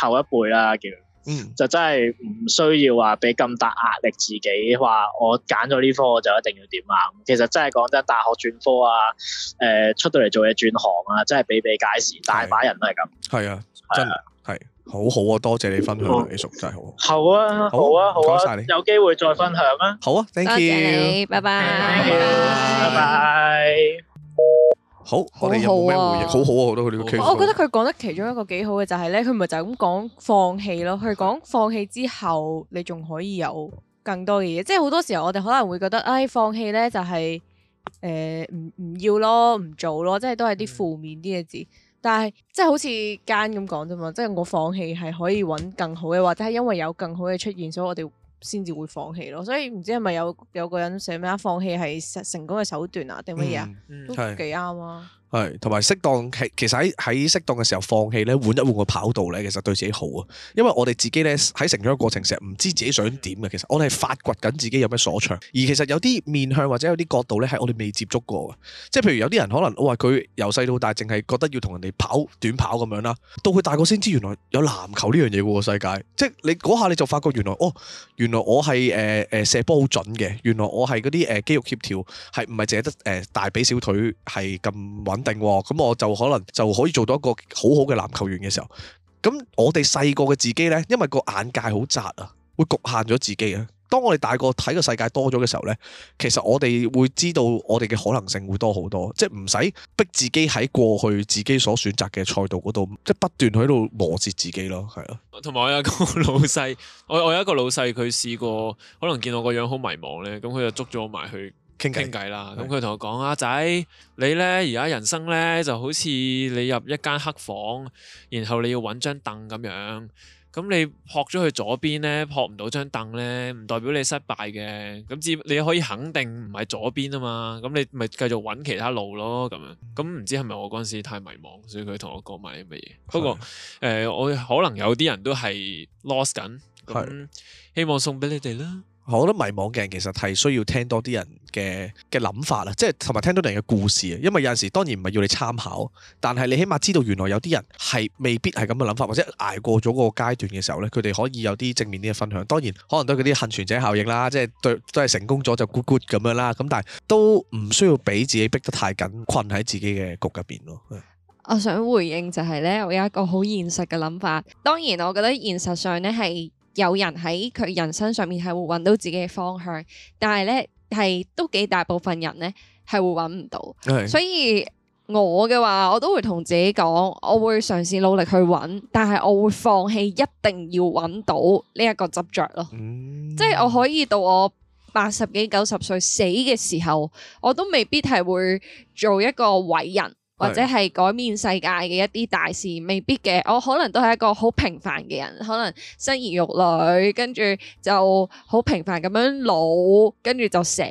Speaker 7: 後一輩啦、啊、叫。嗯，就真係唔需要話俾咁大壓力自己，話我揀咗呢科我就一定要點啊！其實真係講真，大學轉科啊，誒、呃，出到嚟做嘢轉行啊，真係比比皆是的，大把人都係咁。
Speaker 2: 係啊，真係，係好好啊！多謝你分享，好你熟真係好。
Speaker 7: 好啊，好啊，謝晒你，有機會再分享啦、啊。好
Speaker 2: 啊，thank you，
Speaker 7: 拜拜
Speaker 3: ，thank you，
Speaker 2: 拜拜。好，我哋有冇咩回應？好
Speaker 6: 好啊，我、啊、都佢哋好好我覺得
Speaker 4: 佢講得其中一個幾好嘅就係咧，佢唔係就咁講放棄咯。佢講放棄之後，你仲可以有更多嘅嘢。即係好多時候，我哋可能會覺得，唉，放棄咧就係誒唔唔要咯，唔做咯，即係都係啲負面啲嘅字。嗯、但係即係好似間咁講啫嘛，即係我放棄係可以搵更好嘅，或者係因為有更好嘅出現，所以我哋。先至會放棄咯，所以唔知係咪有有個人寫咩啊？放棄係成功嘅手段啊，定乜嘢啊？嗯嗯、都幾啱啊！
Speaker 2: 係，同埋適當係其實喺喺適當嘅時候放棄咧，換一換個跑道咧，其實對自己好啊。因為我哋自己咧喺成長嘅過程時，成日唔知自己想點嘅。其實我哋係發掘緊自己有咩所長，而其實有啲面向或者有啲角度咧，係我哋未接觸過嘅。即係譬如有啲人可能我話佢由細到大淨係覺得要同人哋跑短跑咁樣啦，到佢大個先知原來有籃球呢樣嘢嘅世界。即係你嗰下你就發覺原來哦，原來我係誒誒射波好準嘅，原來我係嗰啲誒肌肉協調係唔係淨得誒大髀小腿係咁穩。定咁、嗯、我就可能就可以做到一個好好嘅籃球員嘅時候，咁我哋細個嘅自己呢，因為個眼界好窄啊，會局限咗自己啊。當我哋大個睇個世界多咗嘅時候呢，其實我哋會知道我哋嘅可能性會多好多，即係唔使逼自己喺過去自己所選擇嘅賽道嗰度，即、就、係、是、不斷喺度磨折自己咯，係咯。
Speaker 5: 同埋我有個老細，我我有一個老細，佢試過可能見我個樣好迷茫呢，咁佢就捉咗我埋去。傾傾偈啦，咁佢同我講阿是的、啊、仔，你呢而家人生呢，就好似你入一間黑房，然後你要揾張凳咁樣，咁你撲咗去左邊呢，撲唔到張凳呢，唔代表你失敗嘅，咁至你可以肯定唔係左邊啊嘛，咁你咪繼續揾其他路咯，咁樣，咁唔知係咪我嗰陣時太迷茫，所以佢同我講埋啲乜嘢？不過誒，我、呃、是的 可能有啲人都係 lost 緊，
Speaker 2: 希望送俾你哋啦。我覺得迷茫嘅人其實係需要聽多啲人嘅嘅諗法啦，即係同埋聽多啲人嘅故事啊。因為有陣時當然唔係要你參考，但係你起碼知道原來有啲人係未必係咁嘅諗法，或者捱過咗嗰個階段嘅時候咧，佢哋可以有啲正面啲嘅分享。當然可能都係嗰啲幸存者效應啦，即係對都係成功咗就 good good 咁樣啦。咁但係都唔需要俾自己逼得太緊，困喺自己嘅局入邊咯。
Speaker 3: 我想回應就係咧，我有一個好現實嘅諗法。當然，我覺得現實上咧係。有人喺佢人生上面係會揾到自己嘅方向，但係咧係都幾大部分人咧係會揾唔到。是的 所以我嘅話我都會同自己講，我會嘗試努力去揾，但係我會放棄一定要揾到呢一個執着咯，嗯、即係我可以到我八十幾九十歲死嘅時候，我都未必係會做一個偉人。或者係改變世界嘅一啲大事，未必嘅。我可能都係一個好平凡嘅人，可能生兒育女，跟住就好平凡咁樣老，跟住就死，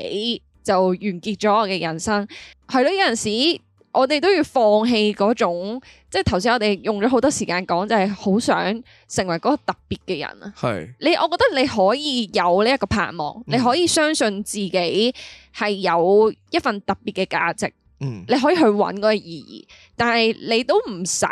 Speaker 3: 就完結咗我嘅人生。係咯，有陣時我哋都要放棄嗰種，即係頭先我哋用咗好多時間講，就係、是、好想成為嗰個特別嘅人啊。係是的 你，我覺得你可以有呢一個盼望，你可以相信自己係有一份特別嘅價值。嗯、你可以去揾嗰個意義，但係你都唔使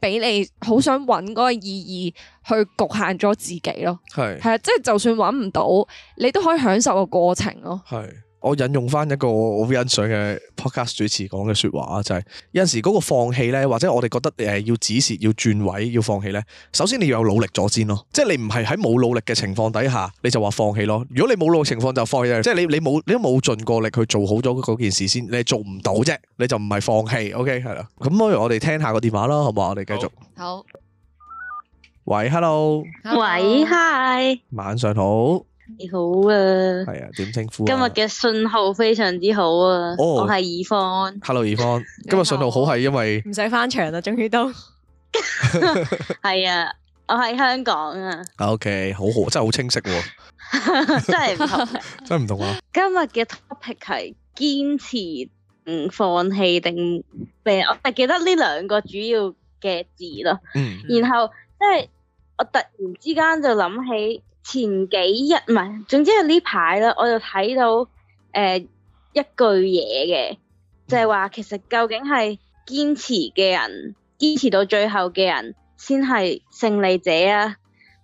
Speaker 3: 俾你好想揾嗰個意義去局限咗自己咯。係係啊，即係就算揾唔到，你都可以享受個過程咯。
Speaker 2: 係。我引用翻一個我好欣賞嘅 podcast 主持講嘅說話啊，就係有陣時嗰個放棄呢，或者我哋覺得誒要指示要轉位要放棄呢，首先你要有努力咗先咯，即係你唔係喺冇努力嘅情況底下，你就話放棄咯。如果你冇努力情況就放棄，即係你你冇你都冇盡過力去做好咗嗰件事先，你做唔到啫，你就唔係放棄。OK，係啦。咁不如我哋聽下個電話啦，好唔好啊？我哋繼續。好。喂，Hello。
Speaker 8: 喂，Hi。
Speaker 2: 晚上好。
Speaker 8: 你好啊，係
Speaker 2: 啊，點稱呼啊？今日嘅
Speaker 8: 信號非常之好啊！Oh, 我係怡芳
Speaker 2: ，Hello，怡芳，今日信號好係因為
Speaker 8: 唔使翻牆啦，終於都係 啊！我喺香港
Speaker 2: 啊。OK，好好，真係好清晰喎啊， 真係唔同，真係唔同啊！ 同
Speaker 8: 啊今日嘅 topic 係堅持唔放棄定誒，我係記得呢兩個主要嘅字咯。嗯。然後即係我突然之間就諗起。前幾日唔係，總之係呢排啦，我就睇到誒、呃、一句嘢嘅，就係、是、話其實究竟係堅持嘅人，堅持到最後嘅人先係勝利者啊，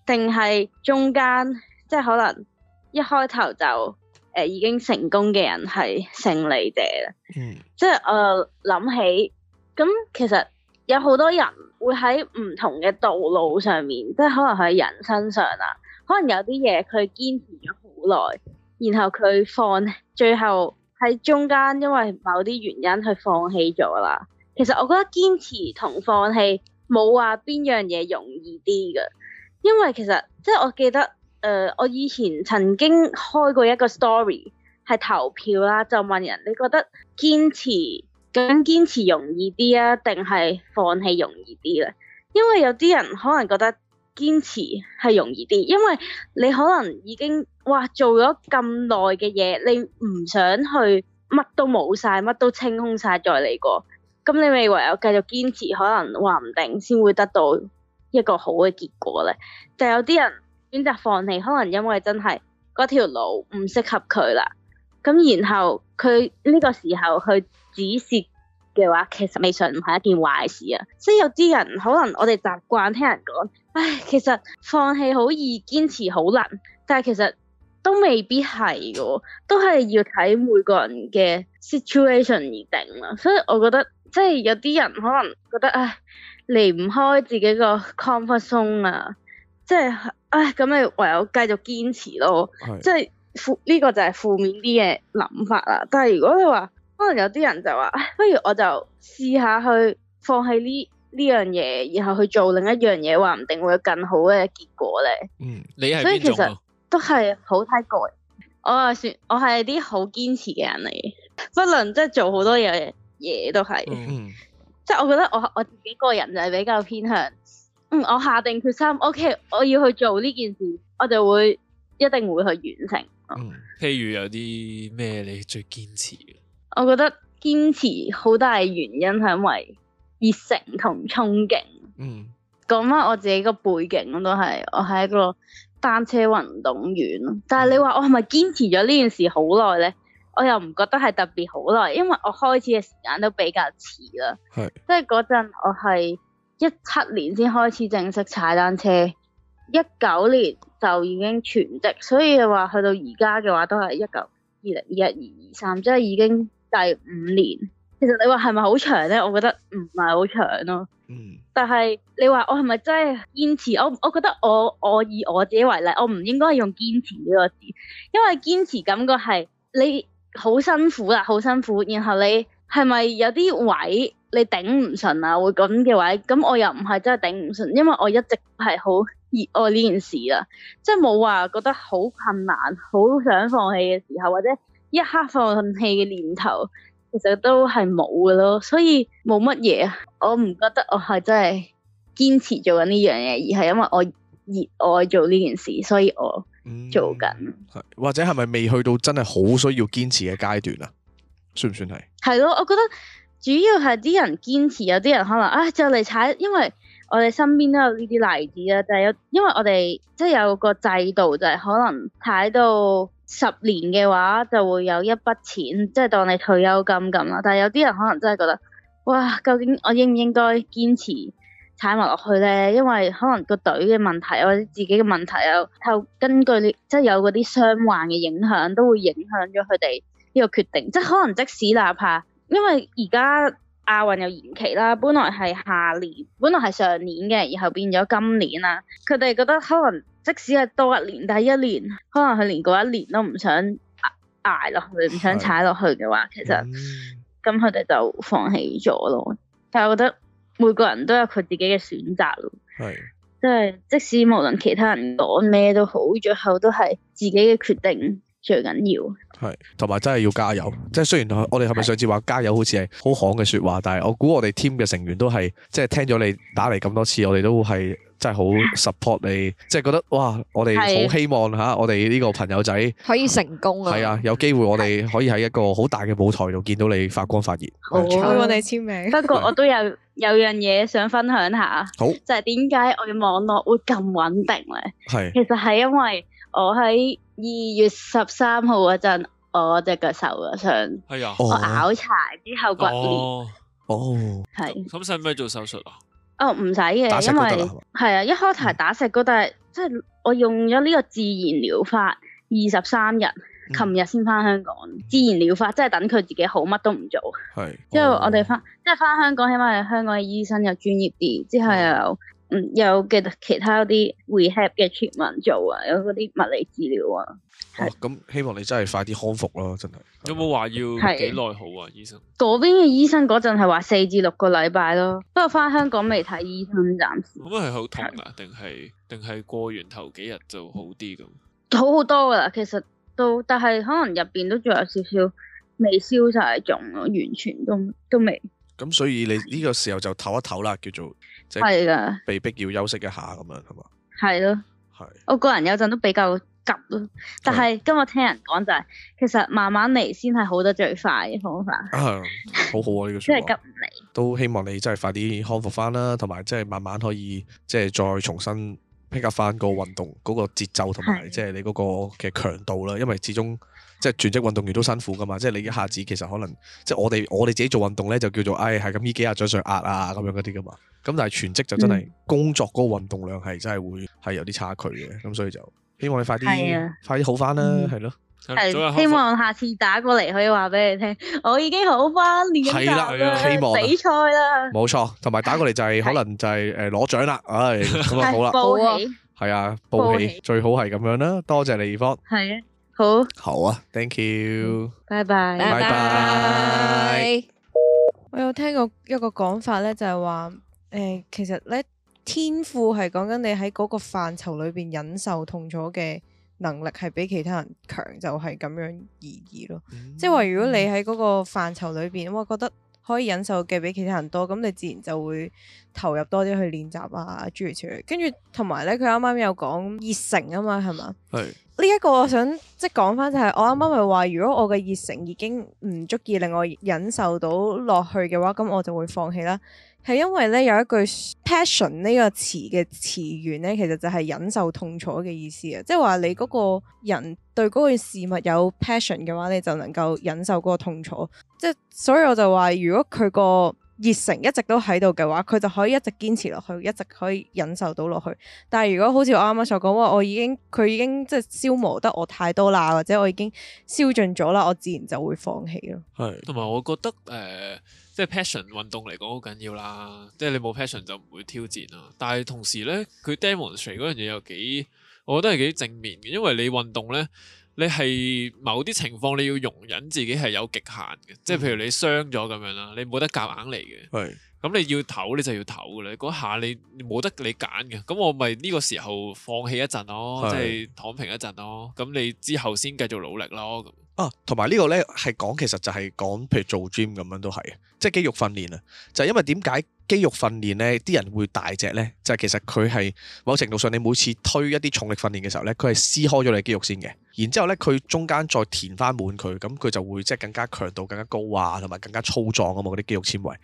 Speaker 8: 定係中間即係可能一開頭就誒、呃、已經成功嘅人係勝利者啦。嗯。即係我諗起，咁其實有好多人會喺唔同嘅道路上面，即係可能喺人身上啊。可能有啲嘢佢堅持咗好耐，然後佢放最後喺中間，因為某啲原因佢放棄咗啦。其實我覺得堅持同放棄冇話邊樣嘢容易啲㗎，因為其實即係我記得，誒、呃、我以前曾經開過一個 story 係投票啦，就問人你覺得堅持究竟堅持容易啲啊，定係放棄容易啲咧？因為有啲人可能覺得。堅持係容易啲，因為你可能已經哇做咗咁耐嘅嘢，你唔想去乜都冇曬，乜都清空曬再嚟過。咁你咪唯有繼續堅持，可能話唔定先會得到一個好嘅結果咧。就有啲人選擇放棄，可能因為真係嗰條路唔適合佢啦。咁然後佢呢個時候去止蝕。嘅話，其實未嘗唔係一件壞事啊！所以有啲人可能我哋習慣聽人講，唉，其實放棄好易，堅持好難，但係其實都未必係嘅，都係要睇每個人嘅 situation 而定啦。所以我覺得，即係有啲人可能覺得唉，離唔開自己個 comfort zone 啊，即係唉，咁你唯有繼續堅持咯。是即係負呢個就係負面啲嘅諗法啦。但係如果你話，可能有啲人就話，不如我就試下去放棄呢呢樣嘢，然後去做另一樣嘢，話唔定會有更好嘅結果咧。嗯，
Speaker 6: 你係所以其實
Speaker 8: 都係好睇個人。我算我係啲好堅持嘅人嚟，不論、嗯、即係做好多嘢嘢都係。即係我覺得我我自己個人就係比較偏向，嗯，我下定決心，OK，我要去做呢件事，我就會一定會去完成。
Speaker 5: 嗯，譬如有啲咩你最
Speaker 8: 堅持嘅？我覺得堅持好大原因係因為熱誠同衝勁。嗯，講翻我自己個背景都係，我係一個單車運動員。但係你話我係咪堅持咗呢件事好耐呢？我又唔覺得係特別好耐，因為我開始嘅時間都比較遲啦。是即係嗰陣我係一七年先開始正式踩單車，一九年就已經全職，所以話去到而家嘅話都係一九二零二一二二三，即係已經。第五年，其實你話係咪好長咧？我覺得唔係好長咯、啊。嗯。但係你話我係咪真係堅持？我我覺得我我以我自己為例，我唔應該用堅持呢個字，因為堅持感覺係你好辛苦啦，好辛苦。然後你係咪有啲位你頂唔順啊？會咁嘅位，咁我又唔係真係頂唔順，因為我一直係好熱愛呢件事啊，即係冇話覺得好困難、好想放棄嘅時候，或者。一刻放棄嘅念頭，其實都係冇嘅咯，所以冇乜嘢啊。我唔覺得我係真係堅持做緊呢樣嘢，而係因為我熱愛做呢件事，所以我做緊，嗯。
Speaker 2: 或者係咪未去到真係好需要堅持嘅階段啊？算唔算係？
Speaker 8: 係咯，我覺得主要係啲人堅持，有啲人可能啊就嚟踩，因為我哋身邊都有呢啲例子啦，就係、是、有，因為我哋即係有個制度就係、是、可能踩到。十年嘅話就會有一筆錢，即係當你退休金咁啦。但係有啲人可能真係覺得，哇，究竟我應唔應該堅持踩埋落去呢？因為可能個隊嘅問題或者自己嘅問題又靠根據，即係有嗰啲傷患嘅影響，都會影響咗佢哋呢個決定。即係可能即使哪怕，因為而家。亞運又延期啦，本來係下年，本來係上年嘅，然後變咗今年啦。佢哋覺得可能即使係多一年，但係一年，可能佢連嗰一年都唔想捱落去，唔想踩落去嘅話，的其實咁佢哋就放棄咗咯。但係我覺得每個人都有佢自己嘅選擇咯，係的，即係即使無論其他人講咩都好，最後都係自己嘅決定。最緊要
Speaker 2: 係，同埋真係要加油。即係雖然我哋係咪上次話加油好似係好行嘅說話，是的 但係我估我哋 team 嘅成員都係，即係聽咗你打嚟咁多次，我哋都係真係好 support 你。是的 即係覺得哇，我哋好希望吓是的，我哋呢個朋友仔
Speaker 3: 可以成功。
Speaker 1: 係啊，
Speaker 2: 有機會我哋可以喺一個好大嘅舞台度見到你發光發熱。
Speaker 8: 是的 好，搵你簽名。不過我都有有樣嘢想分享下，是的 好，就係點解我哋網絡會咁穩定咧？係，其實係因為我喺二月十三號嗰陣，我隻腳受咗傷，
Speaker 5: 哎、呦我拗
Speaker 8: 柴之後骨裂。哦，
Speaker 5: 係咁使唔使做手術
Speaker 8: 啊？哦，唔使嘅，因為係啊、嗯，一開頭係打石膏，但係即係我用咗呢個自然療法二十三日，琴日先返香港。嗯、自然療法即係、即係、等佢自己好，乜都唔做。係，之、哦、後我哋返即係返香港，起碼係香港嘅醫生又專業啲，之後又嗯，有嘅其他啲 rehab 嘅 treatment 做啊，有嗰啲物理治療
Speaker 2: 啊。咁、哦、希望你真係快啲康復咯，真係。有冇話要幾耐好啊？的醫生
Speaker 8: 嗰邊嘅醫生嗰陣係話四至六個禮拜咯。不過翻香港未睇醫生，暫時。咁係
Speaker 5: 好痛啊？定係定係過完頭幾日就
Speaker 2: 好啲咁？
Speaker 8: 好好多噶啦，其實都，但係可能入邊都仲有少少未消晒腫，仲我完全都都未。
Speaker 2: 咁所以你呢個時候就唞一唞啦，叫做。係噶，被逼要休息一下咁樣係嘛，
Speaker 8: 係咯，係。我個人有陣都比較急咯，的但係今日聽人講就係，其實慢慢嚟先係好得最快嘅
Speaker 2: 方法，啊 啊。好好啊呢、這個，即係急唔嚟。都希望你真係快啲康復翻啦，同埋即係慢慢可以即係、就是、再重新 pick up 翻個運動嗰、那個節奏同埋即係你嗰個嘅強度啦，的因為始終。即係全職運動員都辛苦噶嘛，即係你一下子其實可能，即係我哋我哋自己做運動咧就叫做，唉，係咁呢幾日掌上壓啊咁樣嗰啲噶嘛。咁但係全職就真係工作嗰個運動量係真係會係有啲差距嘅，咁所以就希望你快啲快啲好翻啦，係咯。係希
Speaker 8: 望下次打過嚟可以話俾你聽，我已經好翻，練緊希望比賽啦。
Speaker 2: 冇錯，同埋打過嚟就係可能就係誒攞獎啦，唉，咁啊好啦，好啊，係啊，報喜最好係咁樣啦，多謝你方。係啊。好，好啊，thank you，拜拜，拜
Speaker 6: 拜。
Speaker 4: 我有聽過一個講法咧，就係話，誒，其實咧，天賦係講緊你喺嗰個範疇裏邊忍受痛楚嘅能力係比其他人強，就係咁樣而已咯。即係話，如果你喺嗰個範疇裏邊，我覺得。可以忍受嘅比其他人多，咁你自然就會投入多啲去練習啊，諸如此類。跟住同埋咧，佢啱啱有講熱誠啊嘛，係嘛？係。呢一個我想即係講翻就係，我啱啱咪話，如果我嘅熱誠已經唔足以令我忍受到落去嘅話，咁我就會放棄啦。係因為咧，有一句 passion 呢個詞嘅詞源咧，其實就係忍受痛楚嘅意思啊！即係話你嗰個人對嗰件事物有 passion 嘅話，你就能夠忍受嗰個痛楚。即係，所以我就話，如果佢個熱誠一直都喺度嘅話，佢就可以一直堅持落去，一直可以忍受到落去。但係如果好似我啱啱所講話，我已經佢已經即係消磨得我太多啦，或者我已經消盡咗啦，我自然就會放棄咯。
Speaker 5: 係，同埋我覺得誒。呃即係 passion 運動嚟講好緊要啦，即係你冇 passion 就唔會挑戰啦，但係同時咧，佢 demonstrate 嗰樣嘢又幾，我覺得係幾正面嘅，因為你運動咧。你係某啲情況，你要容忍自己係有極限嘅，即係、嗯、譬如你傷咗咁樣啦，你冇得夾硬嚟嘅。係，咁你要唞，你就要唞嘅啦。嗰下你冇得你揀嘅，咁我咪呢個時候放棄一陣咯，即係是的 躺平一陣咯。咁你之後先繼續努力咯。啊，
Speaker 2: 同埋呢個咧係講其實就係講，譬如做 gym 咁樣都係，即係肌肉訓練啊。就係因為點解肌肉訓練咧，啲人會大隻咧，就係其實佢係某程度上你每次推一啲重力訓練嘅時候咧，佢係撕開咗你肌肉先嘅。然之後咧，佢中間再填翻滿佢，咁佢就會即係更加強度更、更加高啊，同埋更加粗壯啊嘛，嗰啲肌肉纖維。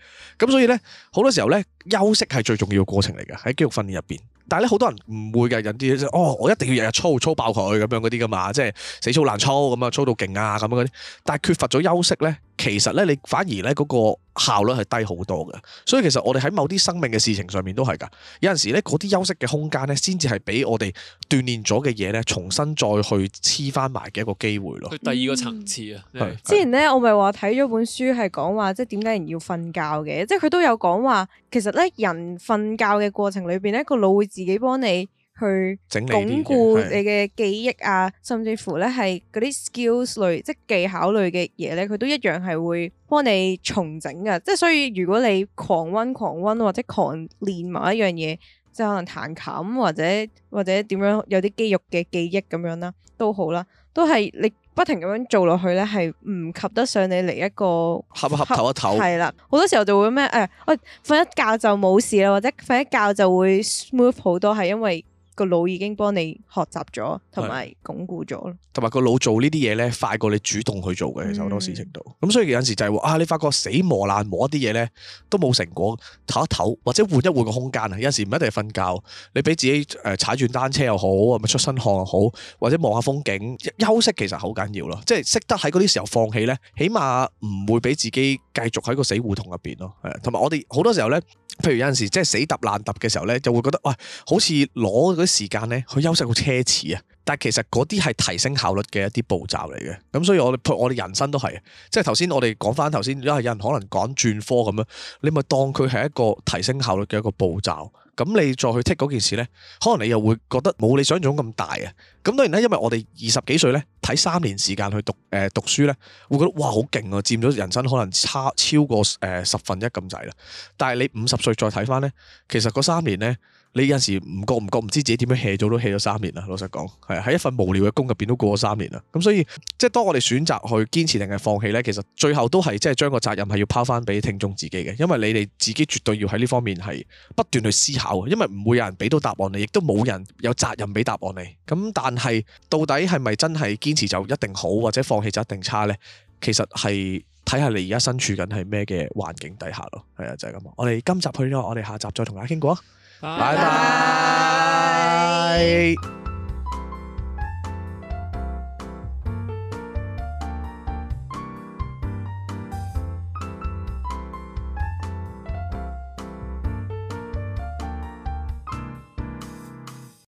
Speaker 2: 咁所以咧，好多時候咧，休息係最重要嘅過程嚟嘅喺肌肉訓練入邊。但係咧，好多人唔會嘅有啲哦，我一定要日日操操爆佢咁樣嗰啲噶嘛，即係死操爛操咁啊，操到勁啊咁樣嗰啲。但係缺乏咗休息咧。其實咧，你反而咧嗰個效率係低好多嘅，所以其實我哋喺某啲生命嘅事情上面都係噶，有陣時咧，嗰啲休息嘅空間咧，先至係俾我哋鍛煉咗嘅嘢，咧，重新再去黐翻埋嘅一個機會咯。佢
Speaker 5: 第二個層次啊，
Speaker 2: 之前咧我
Speaker 4: 咪話睇咗本書係講話，即係點解人要瞓覺嘅，即係佢都有講話，其實咧人瞓覺嘅過程裏邊咧，個腦會自己幫你。去整鞏固你嘅記憶啊，的甚至乎咧係嗰啲 skills 類，即係技巧類嘅嘢咧，佢都一樣係會幫你重整嘅。即係所以，如果你狂溫狂溫或者狂練某一樣嘢，即係可能彈琴或者或者點樣有啲肌肉嘅記憶咁樣啦，都好啦，都係你不停咁樣做落去咧，係唔及得上你嚟一個合合頭一頭。係啦，好多時候就會咩誒、哎，我瞓一覺就冇事啦，或者瞓一覺就會 smooth 好多，係因為。個腦已經幫你學習咗，同埋鞏固咗。
Speaker 2: 同埋個腦做呢啲嘢咧，快過你主動去做嘅。其實好多事情度，咁、嗯嗯、所以有陣時就係、是、話啊，你發覺死磨爛磨一啲嘢咧，都冇成果，唞一唞，或者換一換個空間啊。有陣時唔一定係瞓覺，你俾自己誒踩轉單車又好啊，係咪出身汗又好，或者望下風景，休息其實好緊要咯。即係識得喺嗰啲時候放棄咧，起碼唔會俾自己繼續喺個死胡同入邊咯。同埋我哋好多時候咧，譬如有陣時即係死揼爛揼嘅時候咧，就會覺得喂、哎，好似攞時間咧，去休息好奢侈啊！但係其實嗰啲係提升效率嘅一啲步驟嚟嘅。咁所以我哋我哋人生都係，即係頭先我哋講翻頭先，如果有有人可能講轉科咁樣，你咪當佢係一個提升效率嘅一個步驟。咁你再去剔嗰件事咧，可能你又會覺得冇你想象中咁大啊！咁當然咧，因為我哋二十幾歲咧睇三年時間去讀誒、呃、讀書咧，會覺得哇好勁啊，佔咗人生可能差超過誒、呃、十分一咁滯啦。但係你五十歲再睇翻咧，其實嗰三年咧。你有陣時唔覺唔覺唔知自己點樣 hea 咗都 hea 咗三年啦，老實講係喺一份無聊嘅工入邊都過咗三年啦。咁所以即係當我哋選擇去堅持定係放棄呢，其實最後都係即係將個責任係要拋翻俾聽眾自己嘅，因為你哋自己絕對要喺呢方面係不斷去思考，因為唔會有人俾到答案你，你亦都冇人有責任俾答案你。咁但係到底係咪真係堅持就一定好，或者放棄就一定差呢？其實係睇下你而家身處緊係咩嘅環境底下咯。係啊，就係、是、咁我哋今集去咗，我哋下集再同大家傾過。拜拜。